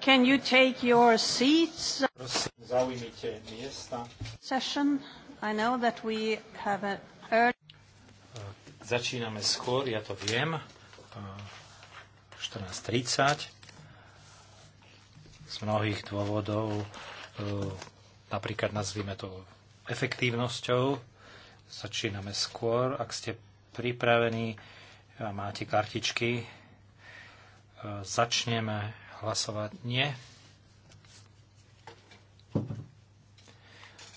Can you take your seats? Prosím, zaujmite miesta. Session. I know that we have early... Začíname skôr, ja to viem. 14.30. Z mnohých dôvodov, e, napríklad nazvime to efektívnosťou, začíname skôr. Ak ste pripravení a máte kartičky, e, začneme hlasovať? Nie.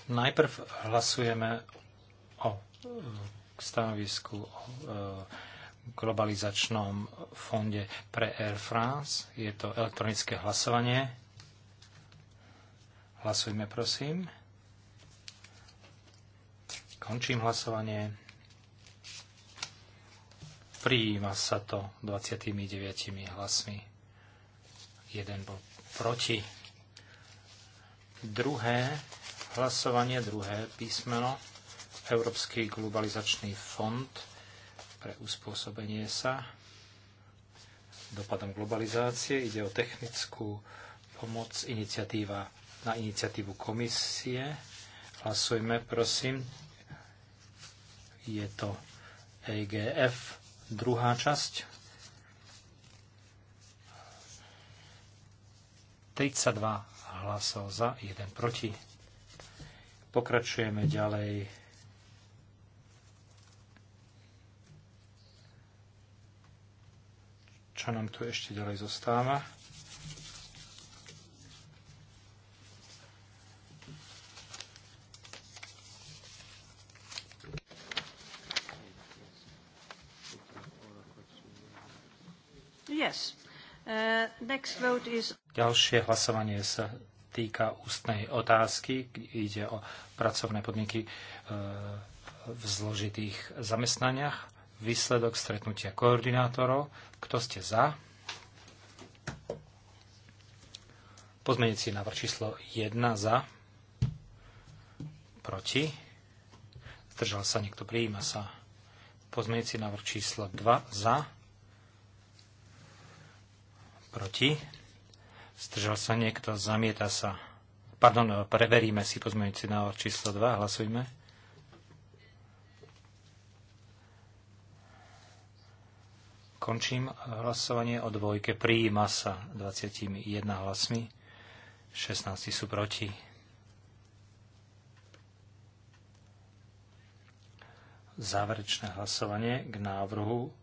Najprv hlasujeme o stanovisku o e, globalizačnom fonde pre Air France. Je to elektronické hlasovanie. Hlasujme, prosím. Končím hlasovanie. Prijíma sa to 29 hlasmi jeden bol proti. Druhé hlasovanie, druhé písmeno, Európsky globalizačný fond pre uspôsobenie sa dopadom globalizácie. Ide o technickú pomoc iniciatíva na iniciatívu komisie. Hlasujme, prosím. Je to EGF, druhá časť. 32 hlasov za, 1 proti. Pokračujeme ďalej. Čo nám tu ešte ďalej zostáva? Yes. Uh, Ďalšie hlasovanie sa týka ústnej otázky. Ide o pracovné podmienky uh, v zložitých zamestnaniach. Výsledok stretnutia koordinátorov. Kto ste za? Pozmeniaci návrh číslo 1 za. Proti. Zdržal sa niekto, prijíma sa. Pozmeniaci návrh číslo 2 za Proti? Zdržal sa niekto? Zamieta sa. Pardon, e, preveríme si pozmeňujúci návrh číslo 2. Hlasujme. Končím hlasovanie o dvojke. Prijíma sa 21 hlasmi. 16 sú proti. Záverečné hlasovanie k návrhu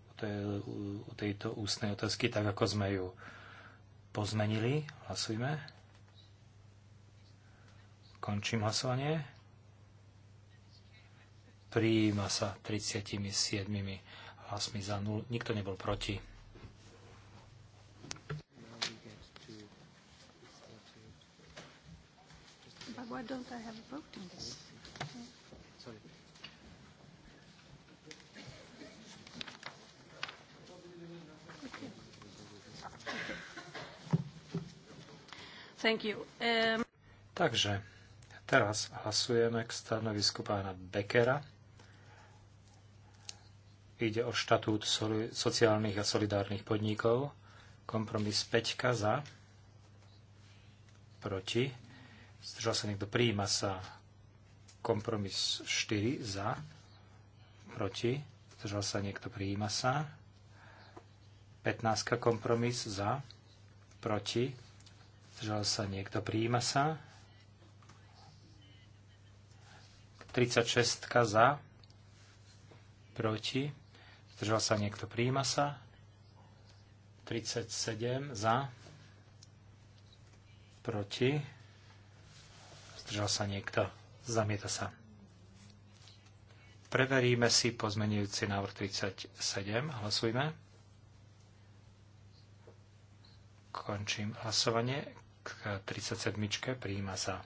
tejto ústnej otázky, tak ako sme ju pozmenili. Hlasujme. Končím hlasovanie. Prijíma sa 37 hlasmi za 0. Nikto nebol proti. But why don't I have a vote in this? Okay. Thank you. Um... Takže teraz hlasujeme k stanovisku pána Beckera. Ide o štatút sociálnych a solidárnych podnikov. Kompromis 5 za, proti, zdržal sa niekto, Príjima sa kompromis 4 za, proti, zdržal sa niekto, Príjima sa. 15 kompromis za, proti, Zdržal sa niekto. Prijíma sa. 36 za. Proti. Zdržal sa niekto. Prijíma sa. 37 za. Proti. Zdržal sa niekto. Zamieta sa. Preveríme si pozmenujúci návrh 37. Hlasujme. Končím hlasovanie k 37. Prijíma sa.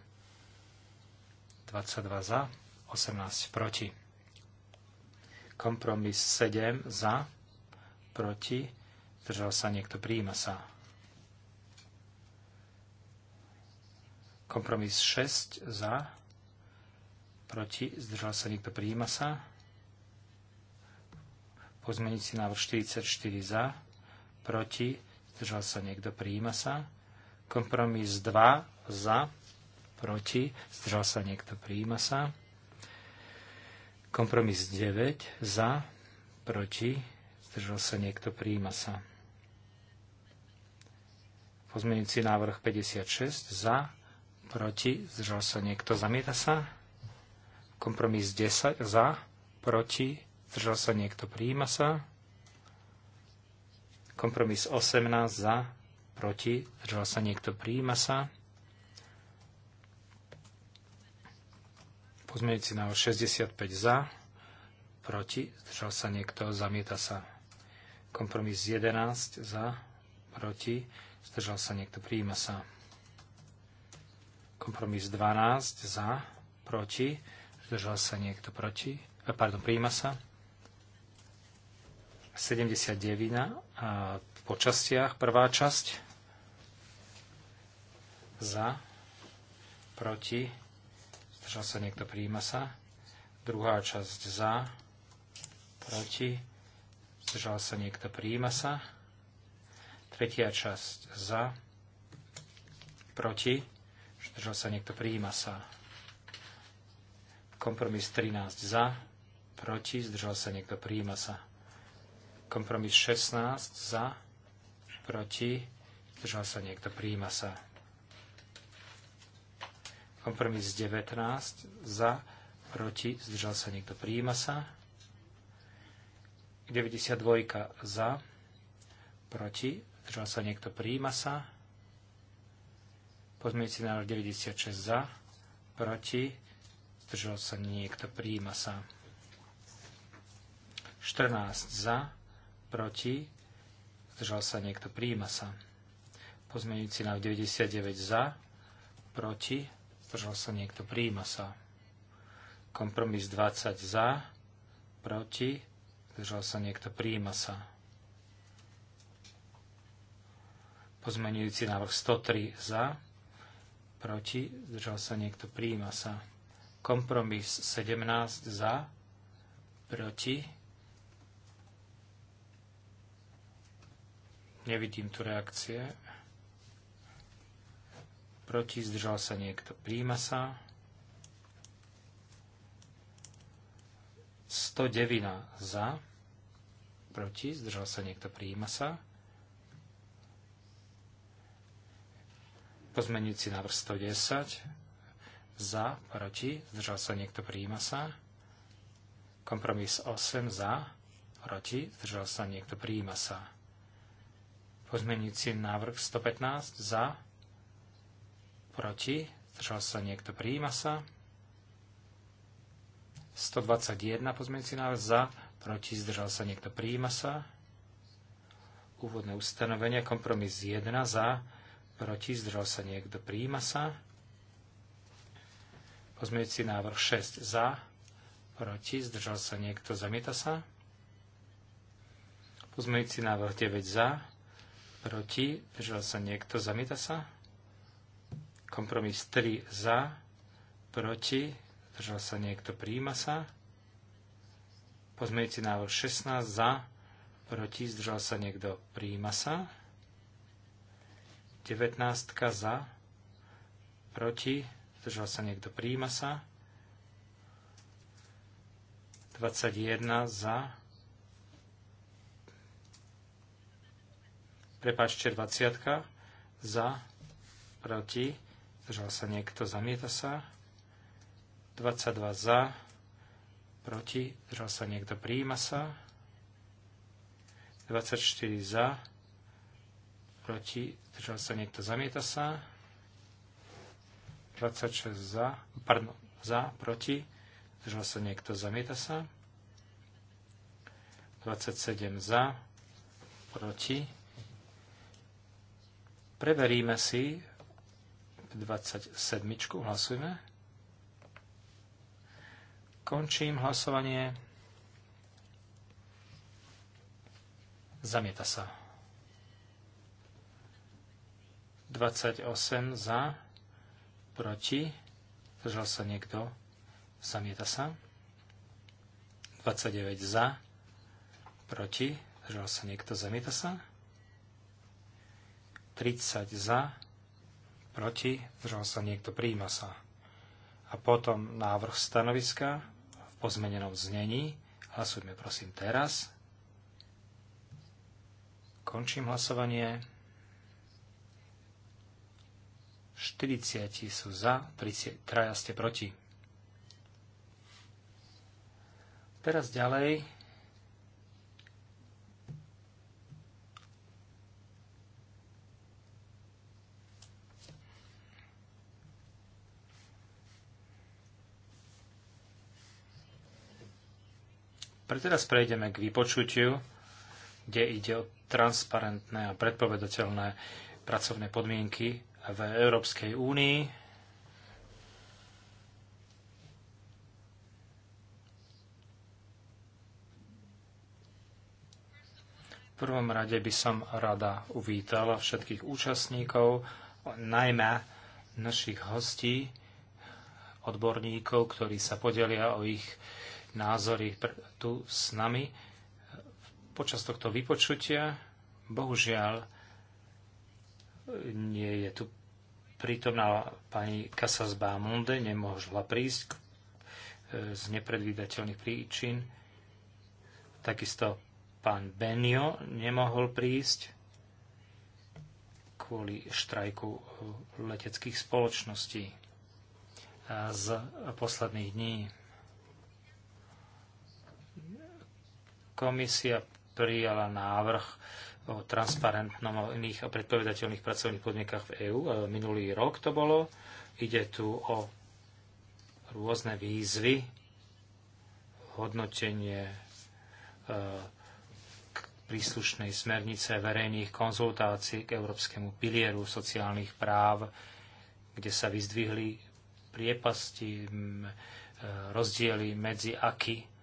22 za, 18 proti. Kompromis 7 za, proti. Zdržal sa niekto, prijíma sa. Kompromis 6 za, proti. Zdržal sa niekto, prijíma sa. Pozmeniť si návrh 44 za, proti. Zdržal sa niekto, prijíma sa. Kompromis 2 za, proti, zdržal sa niekto, prijíma sa. Kompromis 9 za, proti, zdržal sa niekto, prijíma sa. Pozmeňujúci návrh 56 za, proti, zdržal sa niekto, zamieta sa. Kompromis 10 za, proti, zdržal sa niekto, prijíma sa. Kompromis 18 za, proti, zdržal sa niekto, prijíma sa. Pozmeňujúci na 65 za, proti, zdržal sa niekto, zamieta sa. Kompromis 11 za, proti, zdržal sa niekto, prijíma sa. Kompromis 12 za, proti, zdržal sa niekto proti, eh, pardon, prijíma sa. 79 a po častiach. Prvá časť za, proti, zdržal sa niekto, prijíma sa. Druhá časť za, proti, zdržal sa niekto, prijíma sa. Tretia časť za, proti, zdržal sa niekto, prijíma sa. Kompromis 13 za, proti, zdržal sa niekto, prijíma sa. Kompromis 16 za, proti, zdržal sa niekto, príjima sa. Kompromis 19, za, proti, zdržal sa niekto, príjima sa. 92 za, proti, zdržal sa niekto, príjima sa. Pozmieci na 96 za, proti, zdržal sa niekto, príjima sa. 14 za, proti, Zdržal sa niekto? Prijíma sa. Pozmeňujúci návrh 99 za. Proti. Zdržal sa niekto? Prijíma sa. Kompromis 20 za. Proti. Zdržal sa niekto? Prijíma sa. Pozmeňujúci návrh 103 za. Proti. Zdržal sa niekto? Prijíma sa. Kompromis 17 za. Proti Nevidím tu reakcie. Proti zdržal sa niekto. Príjma sa. 109 za. Proti zdržal sa niekto. Príjma sa. si návrh 110 za, proti, zdržal sa niekto, Príjma sa. Kompromis 8 za, proti, zdržal sa niekto, Príjma sa. Pozmenujúci návrh 115 za, proti, zdržal sa niekto, prijíma sa. 121 pozmenujúci návrh za, proti, zdržal sa niekto, prijíma sa. Úvodné ustanovenia, kompromis 1 za, proti, zdržal sa niekto, prijíma sa. Pozmeňujúci návrh 6 za, proti, zdržal sa niekto, zamieta sa. Pozmeňujúci návrh 9 za, proti, držal sa niekto, zamieta sa. Kompromis 3 za, proti, zdržal sa niekto, príjima sa. Pozmeňujúci návrh 16 za, proti, zdržal sa niekto, príjima sa. 19 za, proti, zdržal sa niekto, príjima sa. 21 za, prepáčte, 20 za, proti, zdržal sa niekto, zamieta sa, 22 za, proti, zdržal sa niekto, prijíma sa, 24 za, proti, zdržal sa niekto, zamieta sa, 26 za, pardon, za, proti, zdržal sa niekto, zamieta sa, 27 za, proti, Preveríme si 27. Hlasujme. Končím hlasovanie. Zamieta sa. 28 za, proti, zdržal sa niekto, zamieta sa. 29 za, proti, zdržal sa niekto, zamieta sa. 30 za, proti, zdržal sa niekto, príjma sa. A potom návrh stanoviska v pozmenenom znení. Hlasujme prosím teraz. Končím hlasovanie. 40 sú za, 3 ste proti. Teraz ďalej Pre teraz prejdeme k vypočutiu, kde ide o transparentné a predpovedateľné pracovné podmienky v Európskej únii. V prvom rade by som rada uvítala všetkých účastníkov, najmä našich hostí, odborníkov, ktorí sa podelia o ich názory tu s nami eh, počas tohto vypočutia. Bohužiaľ, nie je tu prítomná pani Casasbá Munde, nemohla prísť eh, z nepredvídateľných príčin. Takisto pán Benio nemohol prísť kvôli štrajku eh, leteckých spoločností z posledných dní. Komisia prijala návrh o transparentnom a iných a predpovedateľných pracovných podmienkach v EÚ. E, minulý rok to bolo. Ide tu o rôzne výzvy, hodnotenie e, príslušnej smernice verejných konzultácií k Európskemu pilieru sociálnych práv, kde sa vyzdvihli priepasti, e, rozdiely medzi aký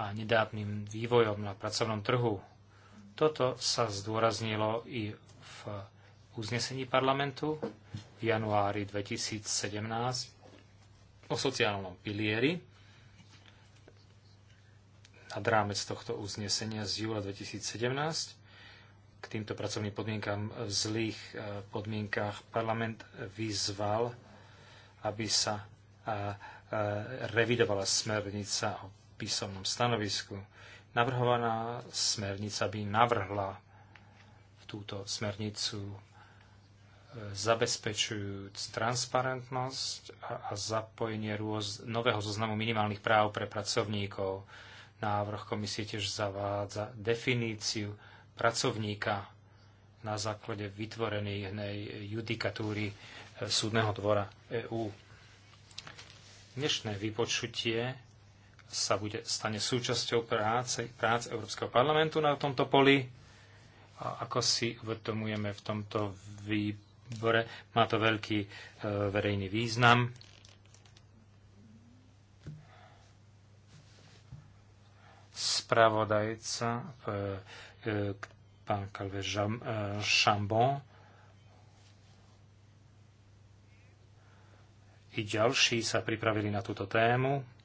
a nedávnym vývojom na pracovnom trhu. Toto sa zdôraznilo i v uznesení parlamentu v januári 2017 o sociálnom pilieri. Nad rámec tohto uznesenia z júla 2017 k týmto pracovným podmienkám v zlých e, podmienkách parlament vyzval, aby sa e, e, revidovala smernica o písomnom stanovisku. Navrhovaná smernica by navrhla túto smernicu e, zabezpečujúc transparentnosť a, a zapojenie rôz, nového zoznamu minimálnych práv pre pracovníkov. Návrh komisie tiež zavádza definíciu pracovníka na základe vytvorenej judikatúry e, Súdneho dvora EÚ. Dnešné vypočutie sa bude, stane súčasťou práce, práce Európskeho parlamentu na tomto poli. A ako si uvedomujeme v tomto výbore, má to veľký e, verejný význam. Spravodajca, e, e, pán Calvé e, Chambon, i ďalší sa pripravili na túto tému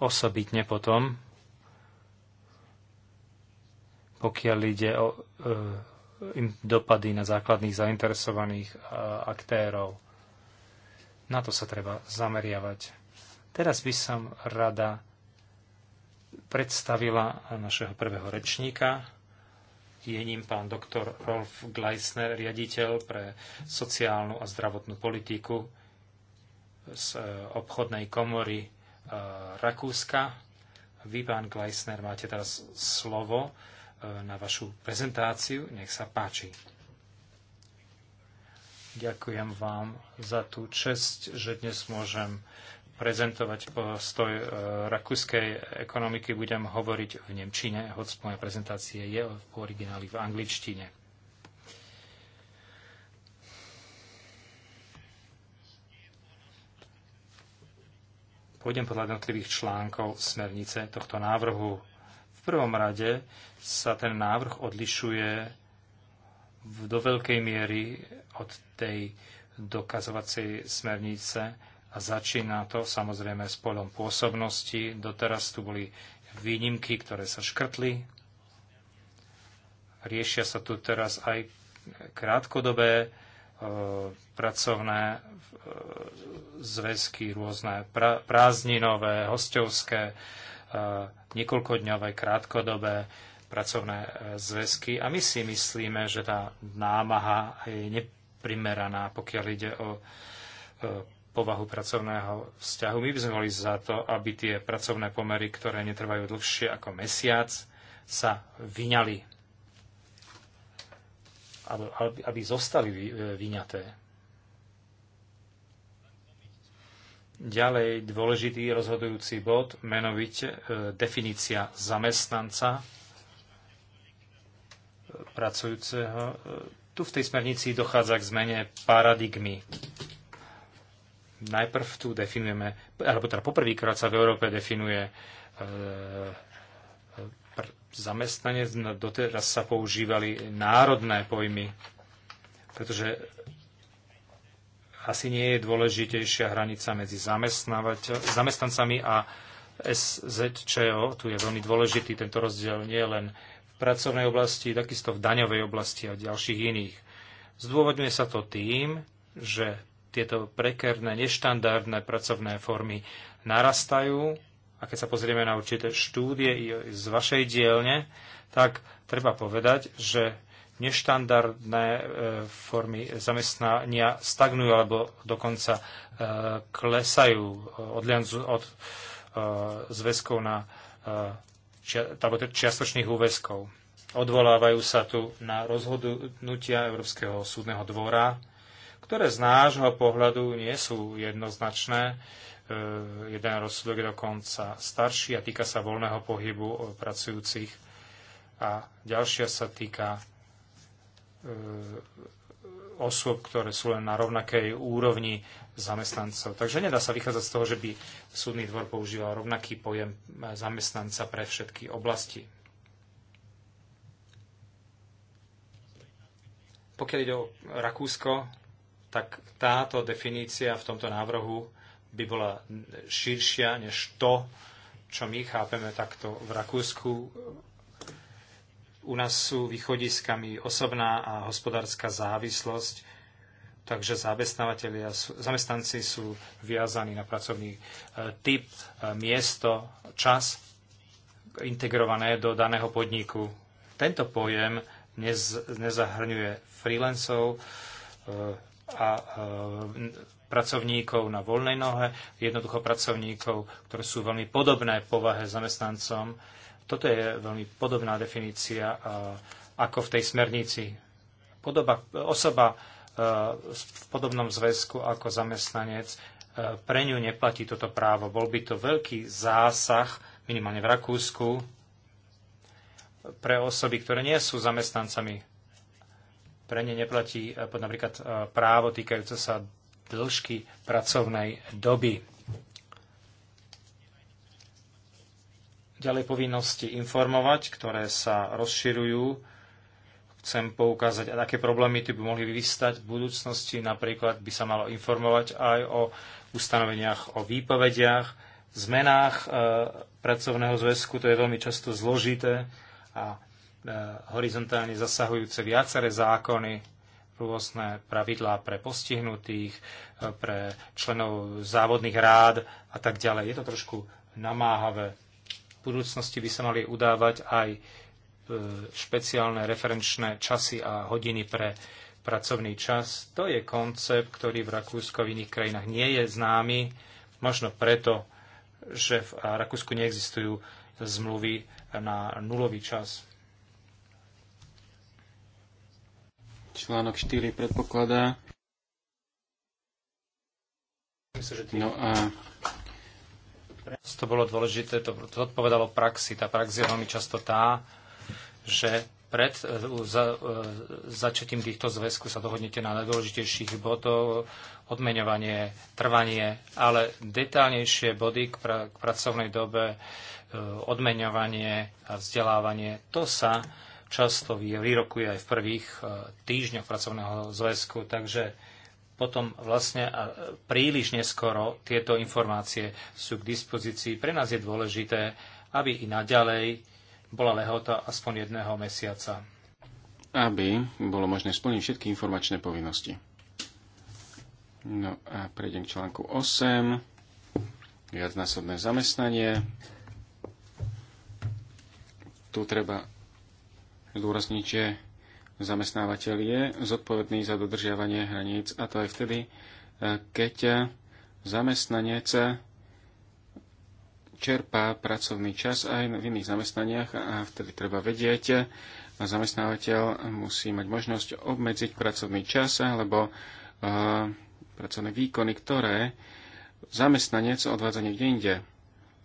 osobitne potom, pokiaľ ide o e, dopady na základných zainteresovaných e, aktérov. Na to sa treba zameriavať. Teraz by som rada predstavila našeho prvého rečníka. Je ním pán doktor Rolf Gleisner, riaditeľ pre sociálnu a zdravotnú politiku z e, obchodnej komory Eh, Rakúska. Vy, pán Gleisner, máte teraz slovo eh, na vašu prezentáciu. Nech sa páči. Ďakujem vám za tú čest, že dnes môžem prezentovať postoj eh, rakúskej ekonomiky. Budem hovoriť v Nemčine, hoď moja prezentácia je v origináli v angličtine. Pôjdem podľa jednotlivých článkov smernice tohto návrhu. V prvom rade sa ten návrh odlišuje v, do veľkej miery od tej dokazovacej smernice a začína to samozrejme s polom pôsobnosti. Doteraz tu boli výnimky, ktoré sa škrtli. Riešia sa tu teraz aj krátkodobé E, pracovné e, zväzky, rôzne prázdninové, hostovské, e, niekoľkodňové, krátkodobé pracovné zväzky. A my si myslíme, že tá námaha je neprimeraná, pokiaľ ide o povahu pracovného vzťahu. My by sme boli za to, aby tie pracovné pomery, ktoré netrvajú dlhšie ako mesiac, sa vyňali aby aby zostali e, vyňaté. Ďalej dôležitý rozhodujúci bod, menovite e, definícia zamestnanca e, pracujúceho. Tu v tej smernici dochádza k zmene paradigmy. Najprv tu definujeme, alebo teda poprvýkrát sa v Európe definuje zamestnanec, no doteraz sa používali národné pojmy, pretože asi nie je dôležitejšia hranica medzi zamestnancami a SZČO. Tu je veľmi dôležitý tento rozdiel nie len v pracovnej oblasti, takisto v daňovej oblasti a ďalších iných. Zdôvodňuje sa to tým, že tieto prekerné, neštandardné pracovné formy narastajú a keď sa pozrieme na určité štúdie z vašej dielne, tak treba povedať, že neštandardné e, formy zamestnania stagnujú alebo dokonca e, klesajú od, od e, zväzkov na alebo čiastočných úväzkov. Odvolávajú sa tu na rozhodnutia Európskeho súdneho dvora, ktoré z nášho pohľadu nie sú jednoznačné E, jeden rozsudok je dokonca starší a týka sa voľného pohybu e, pracujúcich a ďalšia sa týka e, osôb, ktoré sú len na rovnakej úrovni zamestnancov. Takže nedá sa vychádzať z toho, že by súdny dvor používal rovnaký pojem zamestnanca pre všetky oblasti. Pokiaľ ide o Rakúsko, tak táto definícia v tomto návrhu by bola širšia než to, čo my chápeme takto v Rakúsku. U nás sú východiskami osobná a hospodárska závislosť, takže zamestnávateľia, zamestnanci sú viazaní na pracovný e, typ, e, miesto, čas integrované do daného podniku. Tento pojem nezahrňuje freelancov e, a pracovníkov na voľnej nohe, jednoducho pracovníkov, ktoré sú veľmi podobné povahe zamestnancom. Toto je veľmi podobná definícia ako v tej smernici. Podoba, osoba v podobnom zväzku ako zamestnanec, pre ňu neplatí toto právo. Bol by to veľký zásah, minimálne v Rakúsku, pre osoby, ktoré nie sú zamestnancami pre ne neplatí napríklad právo týkajúce sa dĺžky pracovnej doby. Ďalej povinnosti informovať, ktoré sa rozširujú. Chcem poukázať, aké problémy tu by mohli vystať v budúcnosti. Napríklad by sa malo informovať aj o ustanoveniach, o výpovediach, zmenách e, pracovného zväzku. To je veľmi často zložité a e, horizontálne zasahujúce viaceré zákony rôzne pravidlá pre postihnutých, e, pre členov závodných rád a tak ďalej. Je to trošku namáhavé. V budúcnosti by sa mali udávať aj e, špeciálne referenčné časy a hodiny pre pracovný čas. To je koncept, ktorý v Rakúsku a v iných krajinách nie je známy, možno preto, že v Rakúsku neexistujú zmluvy na nulový čas. Článok 4 predpokladá. No a to bolo dôležité, to, to odpovedalo praxi. Tá prax je veľmi často tá, že pred e, za, e, začatím týchto zväzku sa dohodnete na najdôležitejších bodov, odmeňovanie, trvanie, ale detálnejšie body k, pra, k pracovnej dobe, e, odmeňovanie a vzdelávanie, to sa často vyrokuje aj v prvých e, týždňoch pracovného zväzku, takže potom vlastne príliš neskoro tieto informácie sú k dispozícii. Pre nás je dôležité, aby i naďalej bola lehota aspoň jedného mesiaca. Aby bolo možné splniť všetky informačné povinnosti. No a prejdem k článku 8. Viacnásobné zamestnanie. Tu treba zdôrazniť, že zamestnávateľ je zodpovedný za dodržiavanie hraníc a to aj vtedy, e, keď zamestnanec čerpá pracovný čas aj v iných zamestnaniach a vtedy treba vedieť, zamestnávateľ musí mať možnosť obmedziť pracovný čas alebo e, pracovné výkony, ktoré zamestnanec odvádza niekde inde.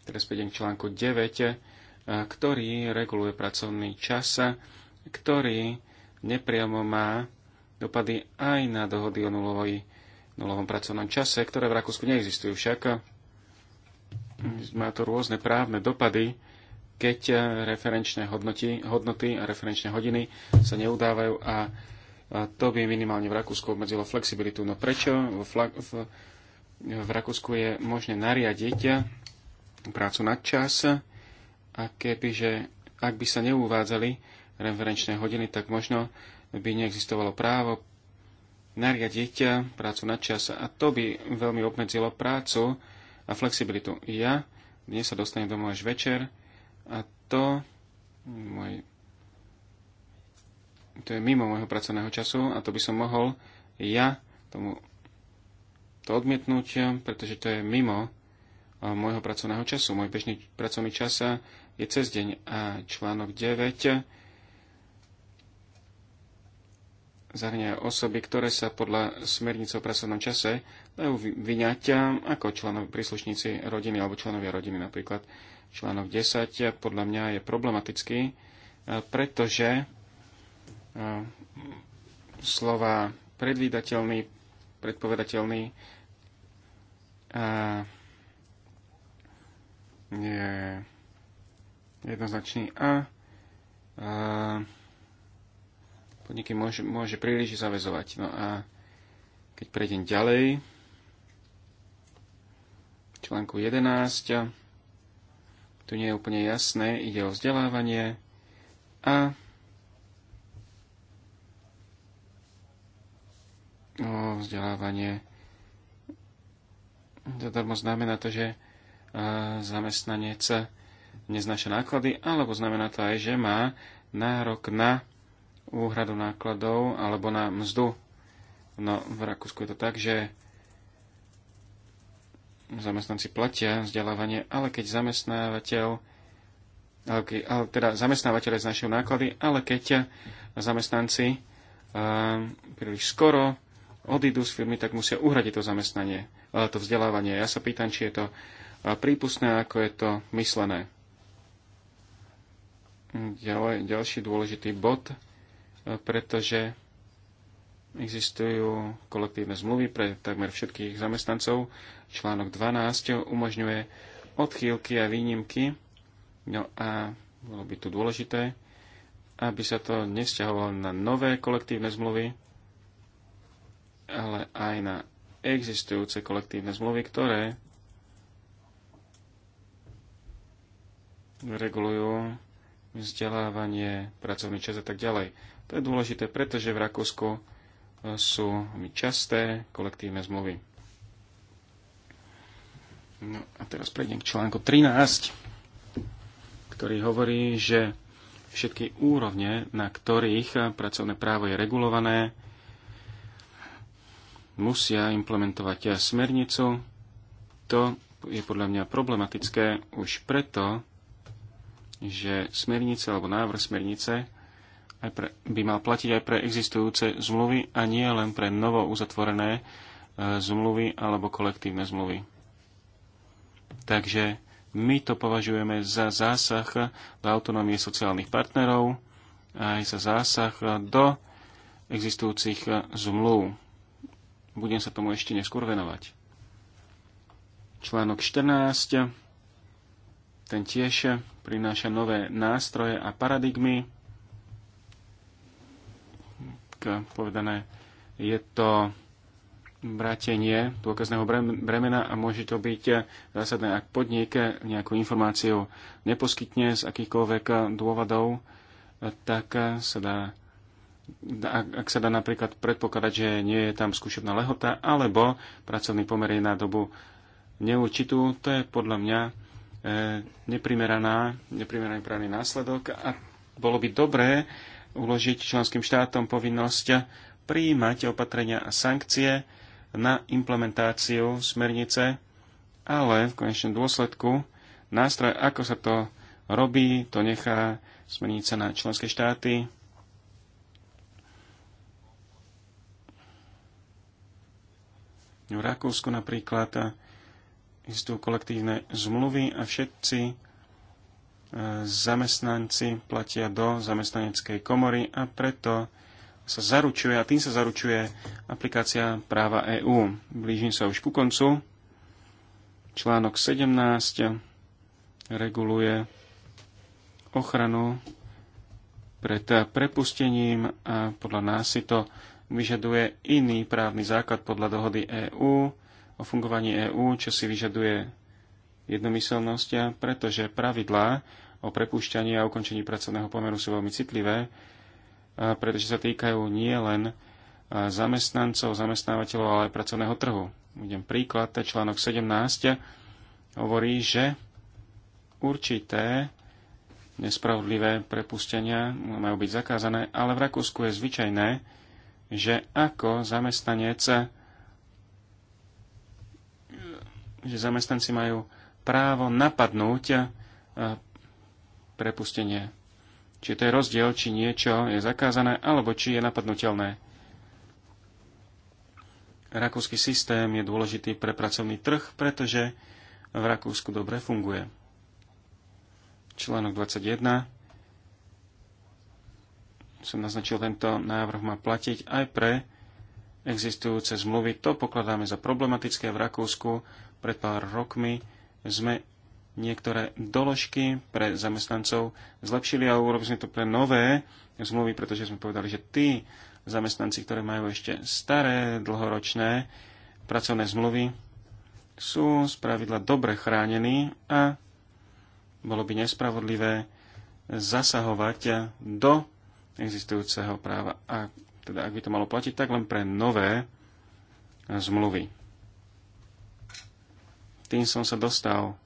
Teraz prídem k článku 9 ktorý reguluje pracovný čas, ktorý nepriamo má dopady aj na dohody o nulovoj, nulovom pracovnom čase, ktoré v Rakúsku neexistujú však. Eh, má to rôzne právne dopady, keď eh, referenčné hodnoty, hodnoty a referenčné hodiny sa neudávajú a, a to by minimálne v Rakúsku obmedzilo flexibilitu. No prečo v, v, v Rakúsku je možné nariadiť eh, prácu nad čas, a kebyže, ak by sa neuvádzali referenčné hodiny, tak možno by neexistovalo právo nariadiť prácu na čas a to by veľmi obmedzilo prácu a flexibilitu. Ja dnes sa dostanem domov až večer a to môj, to je mimo môjho pracovného času a to by som mohol ja tomu to odmietnúť, pretože to je mimo eh, môjho pracovného času. Môj bežný pracovný čas eh, je cez deň a článok 9 zahrňuje osoby, ktoré sa podľa smernice o pracovnom čase dajú vyňať ako členov príslušníci rodiny alebo členovia rodiny. Napríklad článok 10 podľa mňa je problematický, pretože slova predvídateľný, predpovedateľný a nie jednoznačný a, a podniky môže, môže príliš zavezovať. No a keď prejdem ďalej, článku 11, tu nie je úplne jasné, ide o vzdelávanie a o vzdelávanie zadarmo znamená to, že zamestnanec neznáša náklady, alebo znamená to aj, že má nárok na úhradu nákladov alebo na mzdu. No, v Rakúsku je to tak, že zamestnanci platia vzdelávanie, ale keď zamestnávateľ ale, keď, ale teda zamestnávateľe znašajú náklady, ale keď zamestnanci um, príliš skoro odídu z firmy, tak musia uhradiť to zamestnanie, ale eh, to vzdelávanie. Ja sa pýtam, či je to eh, prípustné, ako je to myslené. Ďalej, ďalší dôležitý bod, e, pretože existujú kolektívne zmluvy pre takmer všetkých zamestnancov. Článok 12 umožňuje odchýlky a výnimky. No a bolo by tu dôležité, aby sa to nesťahovalo na nové kolektívne zmluvy, ale aj na existujúce kolektívne zmluvy, ktoré regulujú vzdelávanie, pracovný čas a tak ďalej. To je dôležité, pretože v Rakúsku e, sú časté kolektívne zmluvy. No a teraz prejdem k článku 13, ktorý hovorí, že všetky úrovne, na ktorých pracovné právo je regulované, musia implementovať smernicu. To je podľa mňa problematické už preto, že smernice alebo návrh smernice aj pre, by mal platiť aj pre existujúce zmluvy a nie len pre novo uzatvorené e, zmluvy alebo kolektívne zmluvy. Takže my to považujeme za zásah do autonómie sociálnych partnerov a aj za zásah do existujúcich zmluv. Budem sa tomu ešte neskôr venovať. Článok 14 ten tiež prináša nové nástroje a paradigmy. Povedané, je to vrátenie dôkazného bremena a môže to byť zásadné, ak podnik nejakú informáciu neposkytne z akýchkoľvek dôvodov, tak sa dá ak, ak sa dá napríklad predpokladať, že nie je tam skúšobná lehota, alebo pracovný pomer je na dobu neurčitú, to je podľa mňa E, neprimeraná, neprimeraný právny následok a bolo by dobré uložiť členským štátom povinnosť prijímať opatrenia a sankcie na implementáciu smernice, ale v konečnom dôsledku nástroj, ako sa to robí, to nechá smernica na členské štáty. V Rakúsku napríklad Istú kolektívne zmluvy a všetci e, zamestnanci platia do zamestnaneckej komory a preto sa zaručuje, a tým sa zaručuje aplikácia práva EÚ. Blížim sa už ku koncu. Článok 17 reguluje ochranu pred prepustením a podľa nás si to vyžaduje iný právny základ podľa dohody EÚ o fungovaní EÚ, čo si vyžaduje jednomyselnosť, pretože pravidlá o prepúšťaní a ukončení pracovného pomeru sú veľmi citlivé, pretože sa týkajú nie len zamestnancov, zamestnávateľov, ale aj pracovného trhu. Budem príklad, článok 17 hovorí, že určité nespravodlivé prepustenia majú byť zakázané, ale v Rakúsku je zvyčajné, že ako zamestnanec že zamestnanci majú právo napadnúť eh, prepustenie. Či to je rozdiel, či niečo je zakázané, alebo či je napadnutelné. Rakúsky systém je dôležitý pre pracovný trh, pretože v Rakúsku dobre funguje. Článok 21 som naznačil, tento návrh má platiť aj pre existujúce zmluvy. To pokladáme za problematické v Rakúsku. Pred pár rokmi sme niektoré doložky pre zamestnancov zlepšili a urobili sme to pre nové zmluvy, pretože sme povedali, že tí zamestnanci, ktoré majú ešte staré, dlhoročné pracovné zmluvy, sú z pravidla dobre chránení a bolo by nespravodlivé zasahovať do existujúceho práva. A teda ak by to malo platiť, tak len pre nové zmluvy tým som sa dostal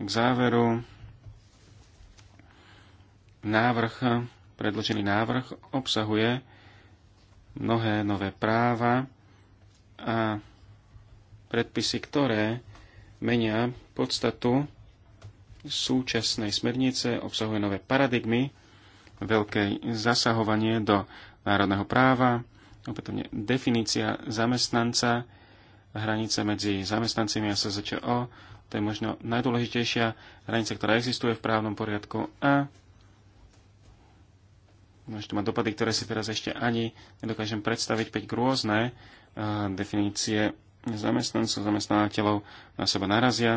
k záveru. Návrh, predložený návrh obsahuje mnohé nové práva a predpisy, ktoré menia podstatu súčasnej smernice, obsahuje nové paradigmy, veľké zasahovanie do národného práva, opätovne definícia zamestnanca, hranice medzi zamestnancami a SZČO. To je možno najdôležitejšia hranica, ktorá existuje v právnom poriadku a môže to mať dopady, ktoré si teraz ešte ani nedokážem predstaviť, 5 rôzne eh, definície zamestnancov, zamestnávateľov na seba narazia.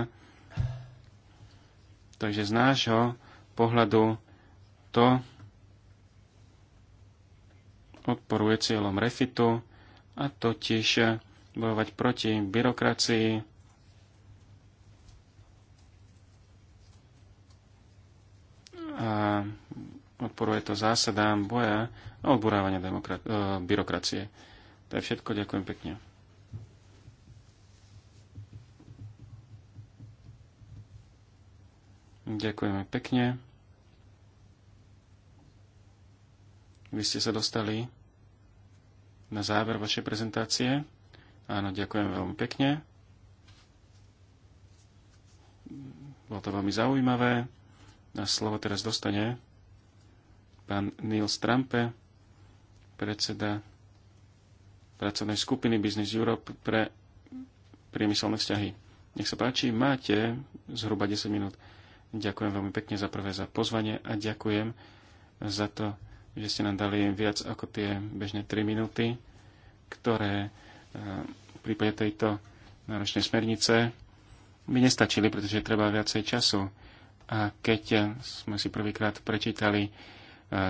Takže z nášho pohľadu to odporuje cieľom refitu a totiž eh, bojovať proti byrokracii, a odporuje to zásadám boja a odburávania demokra- e, byrokracie. To je všetko, ďakujem pekne. Ďakujeme pekne. Vy ste sa dostali na záver vašej prezentácie. Áno, ďakujem veľmi pekne. Bolo to veľmi zaujímavé. Na slovo teraz dostane pán Nils Trampe, predseda pracovnej skupiny Business Europe pre priemyselné vzťahy. Nech sa páči, máte zhruba 10 minút. Ďakujem veľmi pekne za prvé za pozvanie a ďakujem za to, že ste nám dali viac ako tie bežné 3 minúty, ktoré v prípade tejto náročnej smernice by nestačili, pretože treba viacej času. A keď sme si prvýkrát prečítali e,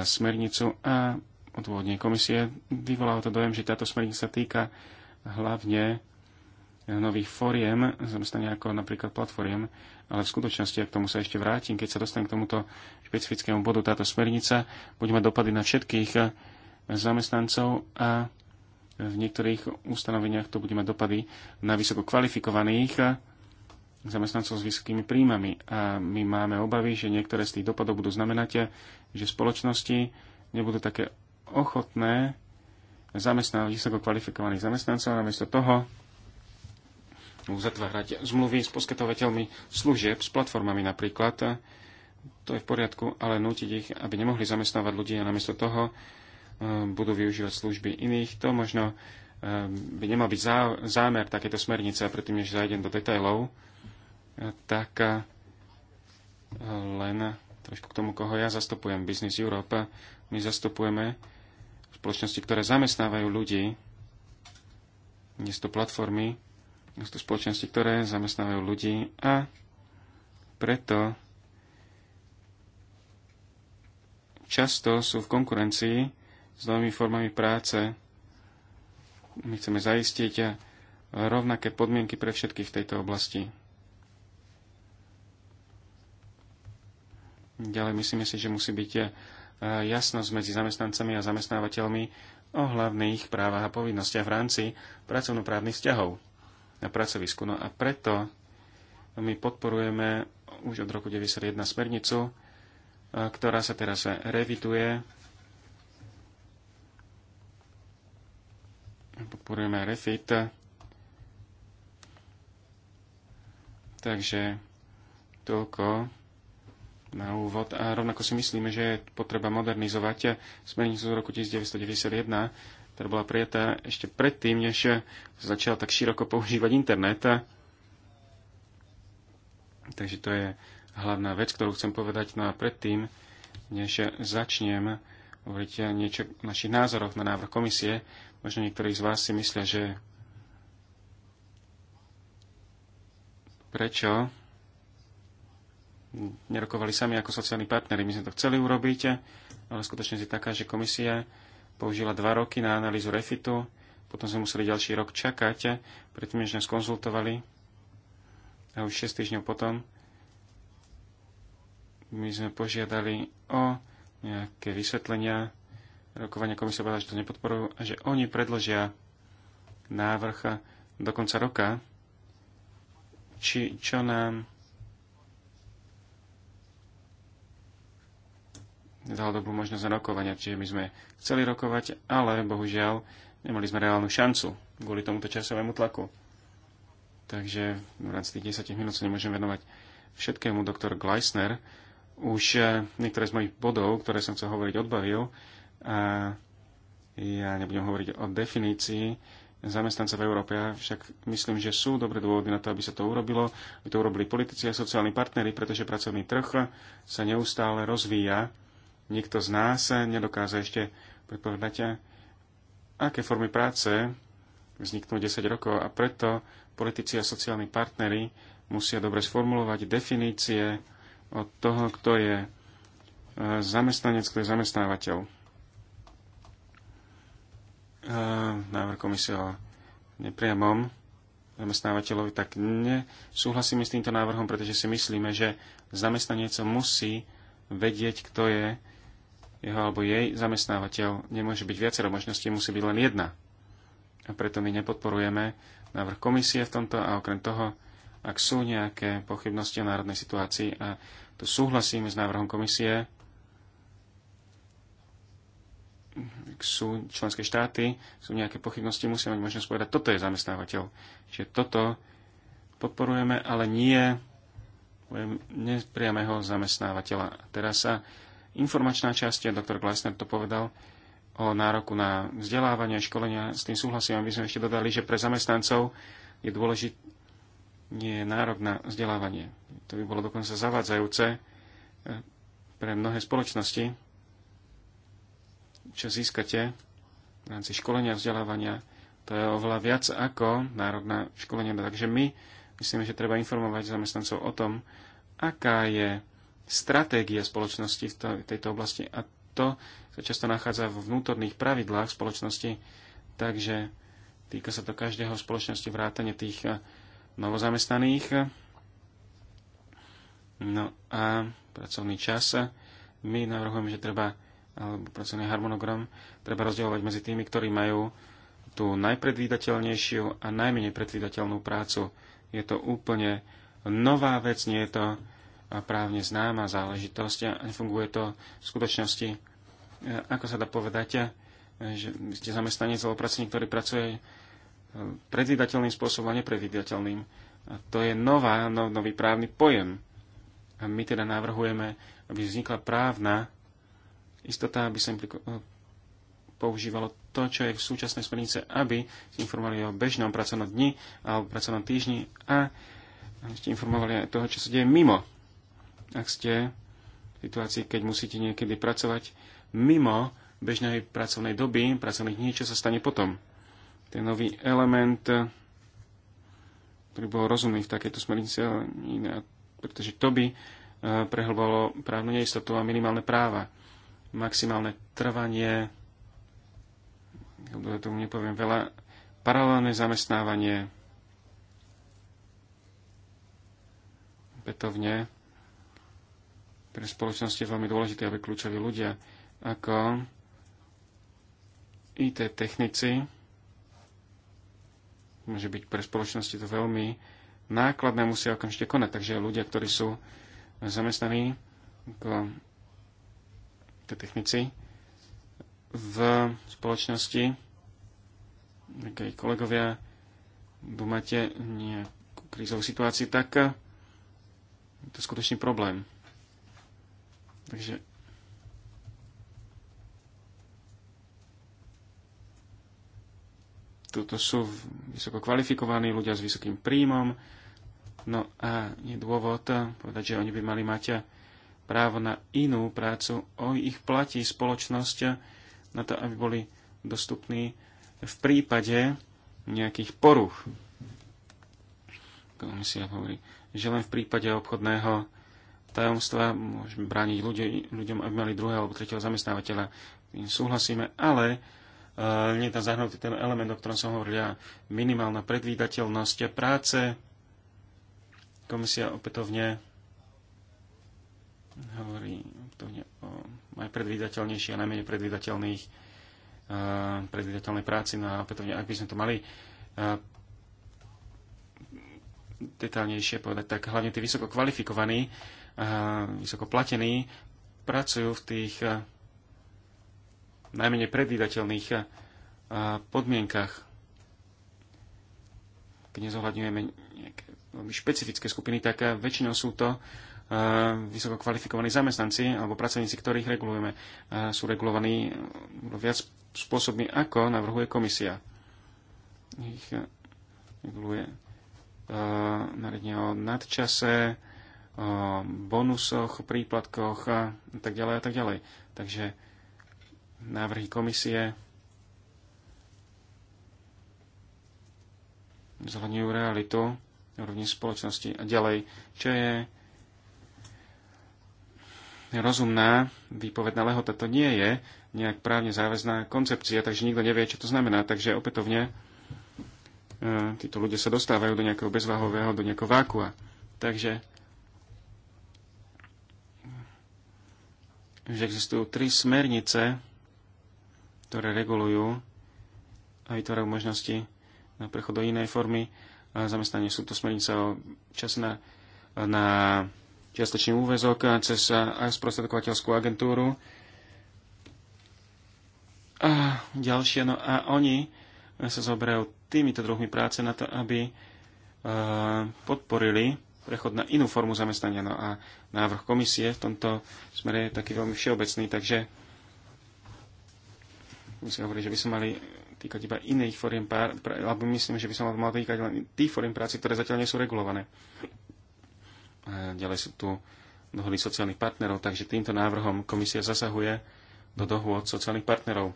smernicu a odvodne komisie, vyvolalo to dojem, že táto smernica týka hlavne nových foriem zamestnania ako napríklad platformiem, ale v skutočnosti, ak tomu sa ešte vrátim, keď sa dostanem k tomuto špecifickému bodu, táto smernica bude mať dopady na všetkých e, zamestnancov a v niektorých ustanoveniach to bude mať dopady na vysoko kvalifikovaných zamestnancov s vysokými príjmami. A my máme obavy, že niektoré z tých dopadov budú znamenať, že spoločnosti nebudú také ochotné zamestnávať vysoko kvalifikovaných zamestnancov a namiesto toho uzatvárať zmluvy s poskytovateľmi služieb, s platformami napríklad. To je v poriadku, ale nútiť ich, aby nemohli zamestnávať ľudí a namiesto toho E, budú využívať služby iných. To možno e, by nemal byť zámer takéto smernice, a predtým, než zajdem do detajlov, e, tak len trošku k tomu, koho ja zastupujem, Business Europe. My zastupujeme spoločnosti, ktoré zamestnávajú ľudí. Nie sú to platformy, nie sú to spoločnosti, ktoré zamestnávajú ľudí a preto často sú v konkurencii s novými formami práce. My chceme zaistiť rovnaké podmienky pre všetkých v tejto oblasti. Ďalej myslíme si, že musí byť eh, jasnosť medzi zamestnancami a zamestnávateľmi o hlavných právach a povinnostiach v rámci pracovnoprávnych vzťahov na pracovisku. No a preto my podporujeme už od roku 1991 smernicu, eh, ktorá sa teraz revituje. podporujeme refit. Takže toľko na úvod. A rovnako si myslíme, že je potreba modernizovať smernicu z roku 1991, ktorá bola prijatá ešte predtým, než začal tak široko používať internet. Takže to je hlavná vec, ktorú chcem povedať. No a predtým, než začnem hovoriť niečo o našich názoroch na návrh komisie, Možno niektorí z vás si myslia, že prečo nerokovali sami ako sociálni partneri. My sme to chceli urobiť, ale skutočnosť je taká, že komisia použila dva roky na analýzu refitu, potom sme museli ďalší rok čakať, predtým, než nás konzultovali a už 6 týždňov potom my sme požiadali o nejaké vysvetlenia rokovania komisie povedala, že to nepodporujú a že oni predložia návrh do konca roka, či, čo nám dal dobrú možnosť na rokovania. Čiže my sme chceli rokovať, ale bohužiaľ nemali sme reálnu šancu kvôli tomuto časovému tlaku. Takže v rámci tých 10 minút sa nemôžem venovať všetkému. Doktor Gleisner už eh, niektoré z mojich bodov, ktoré som chcel hovoriť, odbavil a ja nebudem hovoriť o definícii zamestnanca v Európe, ja však myslím, že sú dobré dôvody na to, aby sa to urobilo, aby to urobili politici a sociálni partnery, pretože pracovný trh sa neustále rozvíja. Nikto z nás nedokáza ešte predpovedať, aké formy práce vzniknú 10 rokov a preto politici a sociálni partnery musia dobre sformulovať definície od toho, kto je e, zamestnanec, kto je zamestnávateľ návrh komisie o nepriamom zamestnávateľovi, tak nesúhlasíme s týmto návrhom, pretože si myslíme, že zamestnanec musí vedieť, kto je jeho alebo jej zamestnávateľ. Nemôže byť viacero možností, musí byť len jedna. A preto my nepodporujeme návrh komisie v tomto a okrem toho, ak sú nejaké pochybnosti o národnej situácii a tu súhlasíme s návrhom komisie, sú členské štáty, sú nejaké pochybnosti, musia mať možnosť povedať, toto je zamestnávateľ. Čiže toto podporujeme, ale nie nepriamého zamestnávateľa. Teraz sa informačná časť, a doktor Gleisner to povedal, o nároku na vzdelávanie, a školenia, s tým súhlasím, aby sme ešte dodali, že pre zamestnancov je dôležitý nie nárok na vzdelávanie. To by bolo dokonca zavádzajúce eh, pre mnohé spoločnosti, čo získate v rámci školenia, vzdelávania, to je oveľa viac ako národné školenie. Takže my myslíme, že treba informovať zamestnancov o tom, aká je stratégia spoločnosti v tejto oblasti a to sa často nachádza v vnútorných pravidlách spoločnosti, takže týka sa to každého spoločnosti vrátane tých eh, novozamestnaných. No a pracovný čas. My navrhujeme, že treba alebo pracovný harmonogram treba rozdielovať medzi tými, ktorí majú tú najpredvídateľnejšiu a najmenej predvídateľnú prácu. Je to úplne nová vec, nie je to právne známa záležitosť a funguje to v skutočnosti, e, ako sa dá povedať, e, že ste zamestnanec alebo pracovník, ktorý pracuje e, predvídateľným spôsobom a nepredvídateľným. A to je nová, nov, nový právny pojem. A my teda navrhujeme, aby vznikla právna istota, aby sa eh, používalo to, čo je v súčasnej smernice, aby si informovali o bežnom pracovnom dni alebo pracovnom týždni a ste informovali aj toho, čo sa deje mimo. Ak ste v situácii, keď musíte niekedy pracovať mimo bežnej pracovnej doby, pracovných dní, čo sa stane potom. Ten nový element, ktorý bol rozumný v takejto smernici, pretože to by eh, prehlbovalo právnu neistotu a minimálne práva maximálne trvanie, ja tomu nepoviem veľa, paralelné zamestnávanie, petovne, pre spoločnosti je veľmi dôležité, aby kľúčoví ľudia ako IT technici, môže byť pre spoločnosti to veľmi nákladné, musia okamžite konať. Takže ľudia, ktorí sú zamestnaní ako technici v spoločnosti, keď kolegovia bo máte nejakú krízovú situáciu, tak eh, je to skutočný problém. Takže tuto sú vysoko kvalifikovaní ľudia s vysokým príjmom, no a je dôvod eh, povedať, že oni by mali mať eh, právo na inú prácu, o ich platí spoločnosť na to, aby boli dostupní v prípade nejakých poruch. Komisia hovorí, že len v prípade obchodného tajomstva môžeme brániť ľudí, ľuďom, aby mali druhého alebo tretieho zamestnávateľa. Tým súhlasíme, ale e, nie je tam zahrnutý ten element, o ktorom som hovoril ja, minimálna predvídateľnosť práce. Komisia opätovne hovorí to o najpredvídateľnejších a najmenej predvídateľných predvídateľnej práci na opätovne, ak by sme to mali detálnejšie povedať, tak hlavne tí vysoko kvalifikovaní, vysoko platení pracujú v tých najmenej predvídateľných podmienkach, keď nezohľadňujeme nejaké špecifické skupiny, tak väčšinou sú to E, vysoko kvalifikovaní zamestnanci alebo pracovníci, ktorých regulujeme, e, sú regulovaní e, viac spôsobmi, ako navrhuje komisia. Ich reguluje nariadenie o nadčase, o bonusoch, príplatkoch a tak ďalej a tak ďalej. Takže návrhy komisie Zhľadňujú realitu rovni spoločnosti a ďalej, čo je Vlastne rozumná výpovedná lehota. To nie je nejak právne záväzná koncepcia, takže nikto nevie, čo to znamená. Takže opätovne e, títo ľudia sa dostávajú do nejakého bezvahového, do nejakého vákua. Takže že existujú tri smernice, ktoré regulujú a vytvárajú možnosti na prechod do inej formy zamestnania. Sú to smernice o čas na, na čiastočný úvezok cez aj eh, sprostredkovateľskú agentúru. A ďalšie, no a oni sa zoberajú týmito druhmi práce na to, aby eh, podporili prechod na inú formu zamestnania. No a návrh komisie v tomto smere je taký veľmi všeobecný, takže musím hovoriť, že by sa mali týkať iba iných foriem pár, alebo myslím, že by sa mal týkať len tých foriem práce, ktoré zatiaľ nie sú regulované ďalej sú tu dohody sociálnych partnerov, takže týmto návrhom komisia zasahuje do dohôd sociálnych partnerov.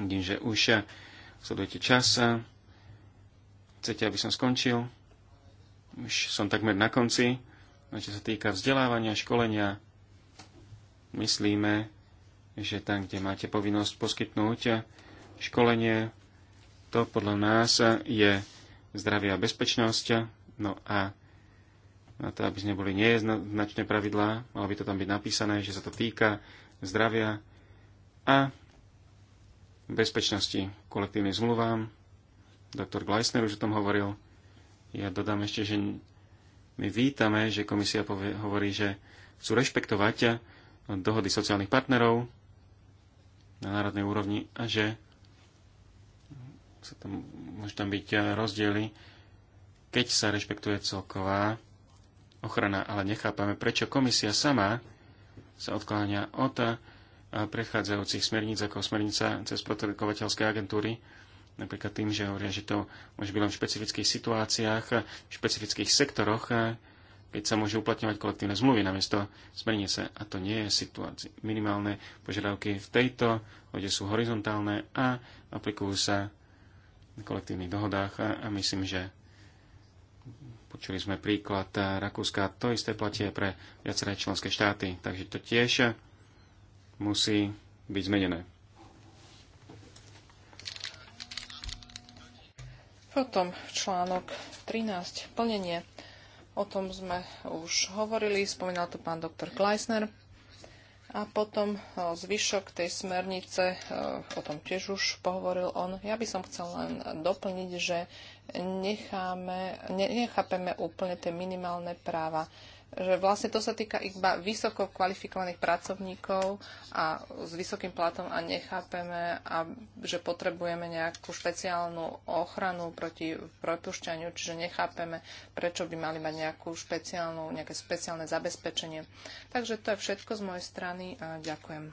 Vidím, že už sledujete čas. Chcete, aby som skončil? Už som takmer na konci. A čo sa týka vzdelávania, školenia, myslíme, že tam, kde máte povinnosť poskytnúť školenie, to podľa nás je zdravie a bezpečnosť. No a na to, aby neboli nejednoznačné pravidlá, malo by to tam byť napísané, že sa to týka zdravia a bezpečnosti kolektívnym zmluvám. Doktor Gleisner už o tom hovoril. Ja dodám ešte, že my vítame, že komisia povie, hovorí, že chcú rešpektovať dohody sociálnych partnerov na národnej úrovni a že sa tam, môžu tam byť rozdiely, keď sa rešpektuje celková ochrana, ale nechápame, prečo komisia sama sa odkláňa od eh, predchádzajúcich smerníc ako smernica cez protokovateľské agentúry, napríklad tým, že hovoria, že to môže byť len v špecifických situáciách, v špecifických sektoroch, eh, keď sa môže uplatňovať kolektívne zmluvy namiesto smernice. A to nie je situácia. Minimálne požiadavky v tejto lode sú horizontálne a aplikujú sa v kolektívnych dohodách a myslím, že Počuli sme príklad eh, Rakúska, to isté platie pre viaceré členské štáty, takže to tiež eh, musí byť zmenené. Potom článok 13, plnenie. O tom sme už hovorili, spomínal to pán doktor Kleisner. A potom e, zvyšok tej smernice, e, o tom tiež už pohovoril on. Ja by som chcel len doplniť, že necháme, nechápeme úplne tie minimálne práva že vlastne to sa týka iba vysoko kvalifikovaných pracovníkov a s vysokým platom a nechápeme, a že potrebujeme nejakú špeciálnu ochranu proti propušťaniu, čiže nechápeme, prečo by mali mať nejakú špeciálnu, nejaké špeciálne zabezpečenie. Takže to je všetko z mojej strany a ďakujem.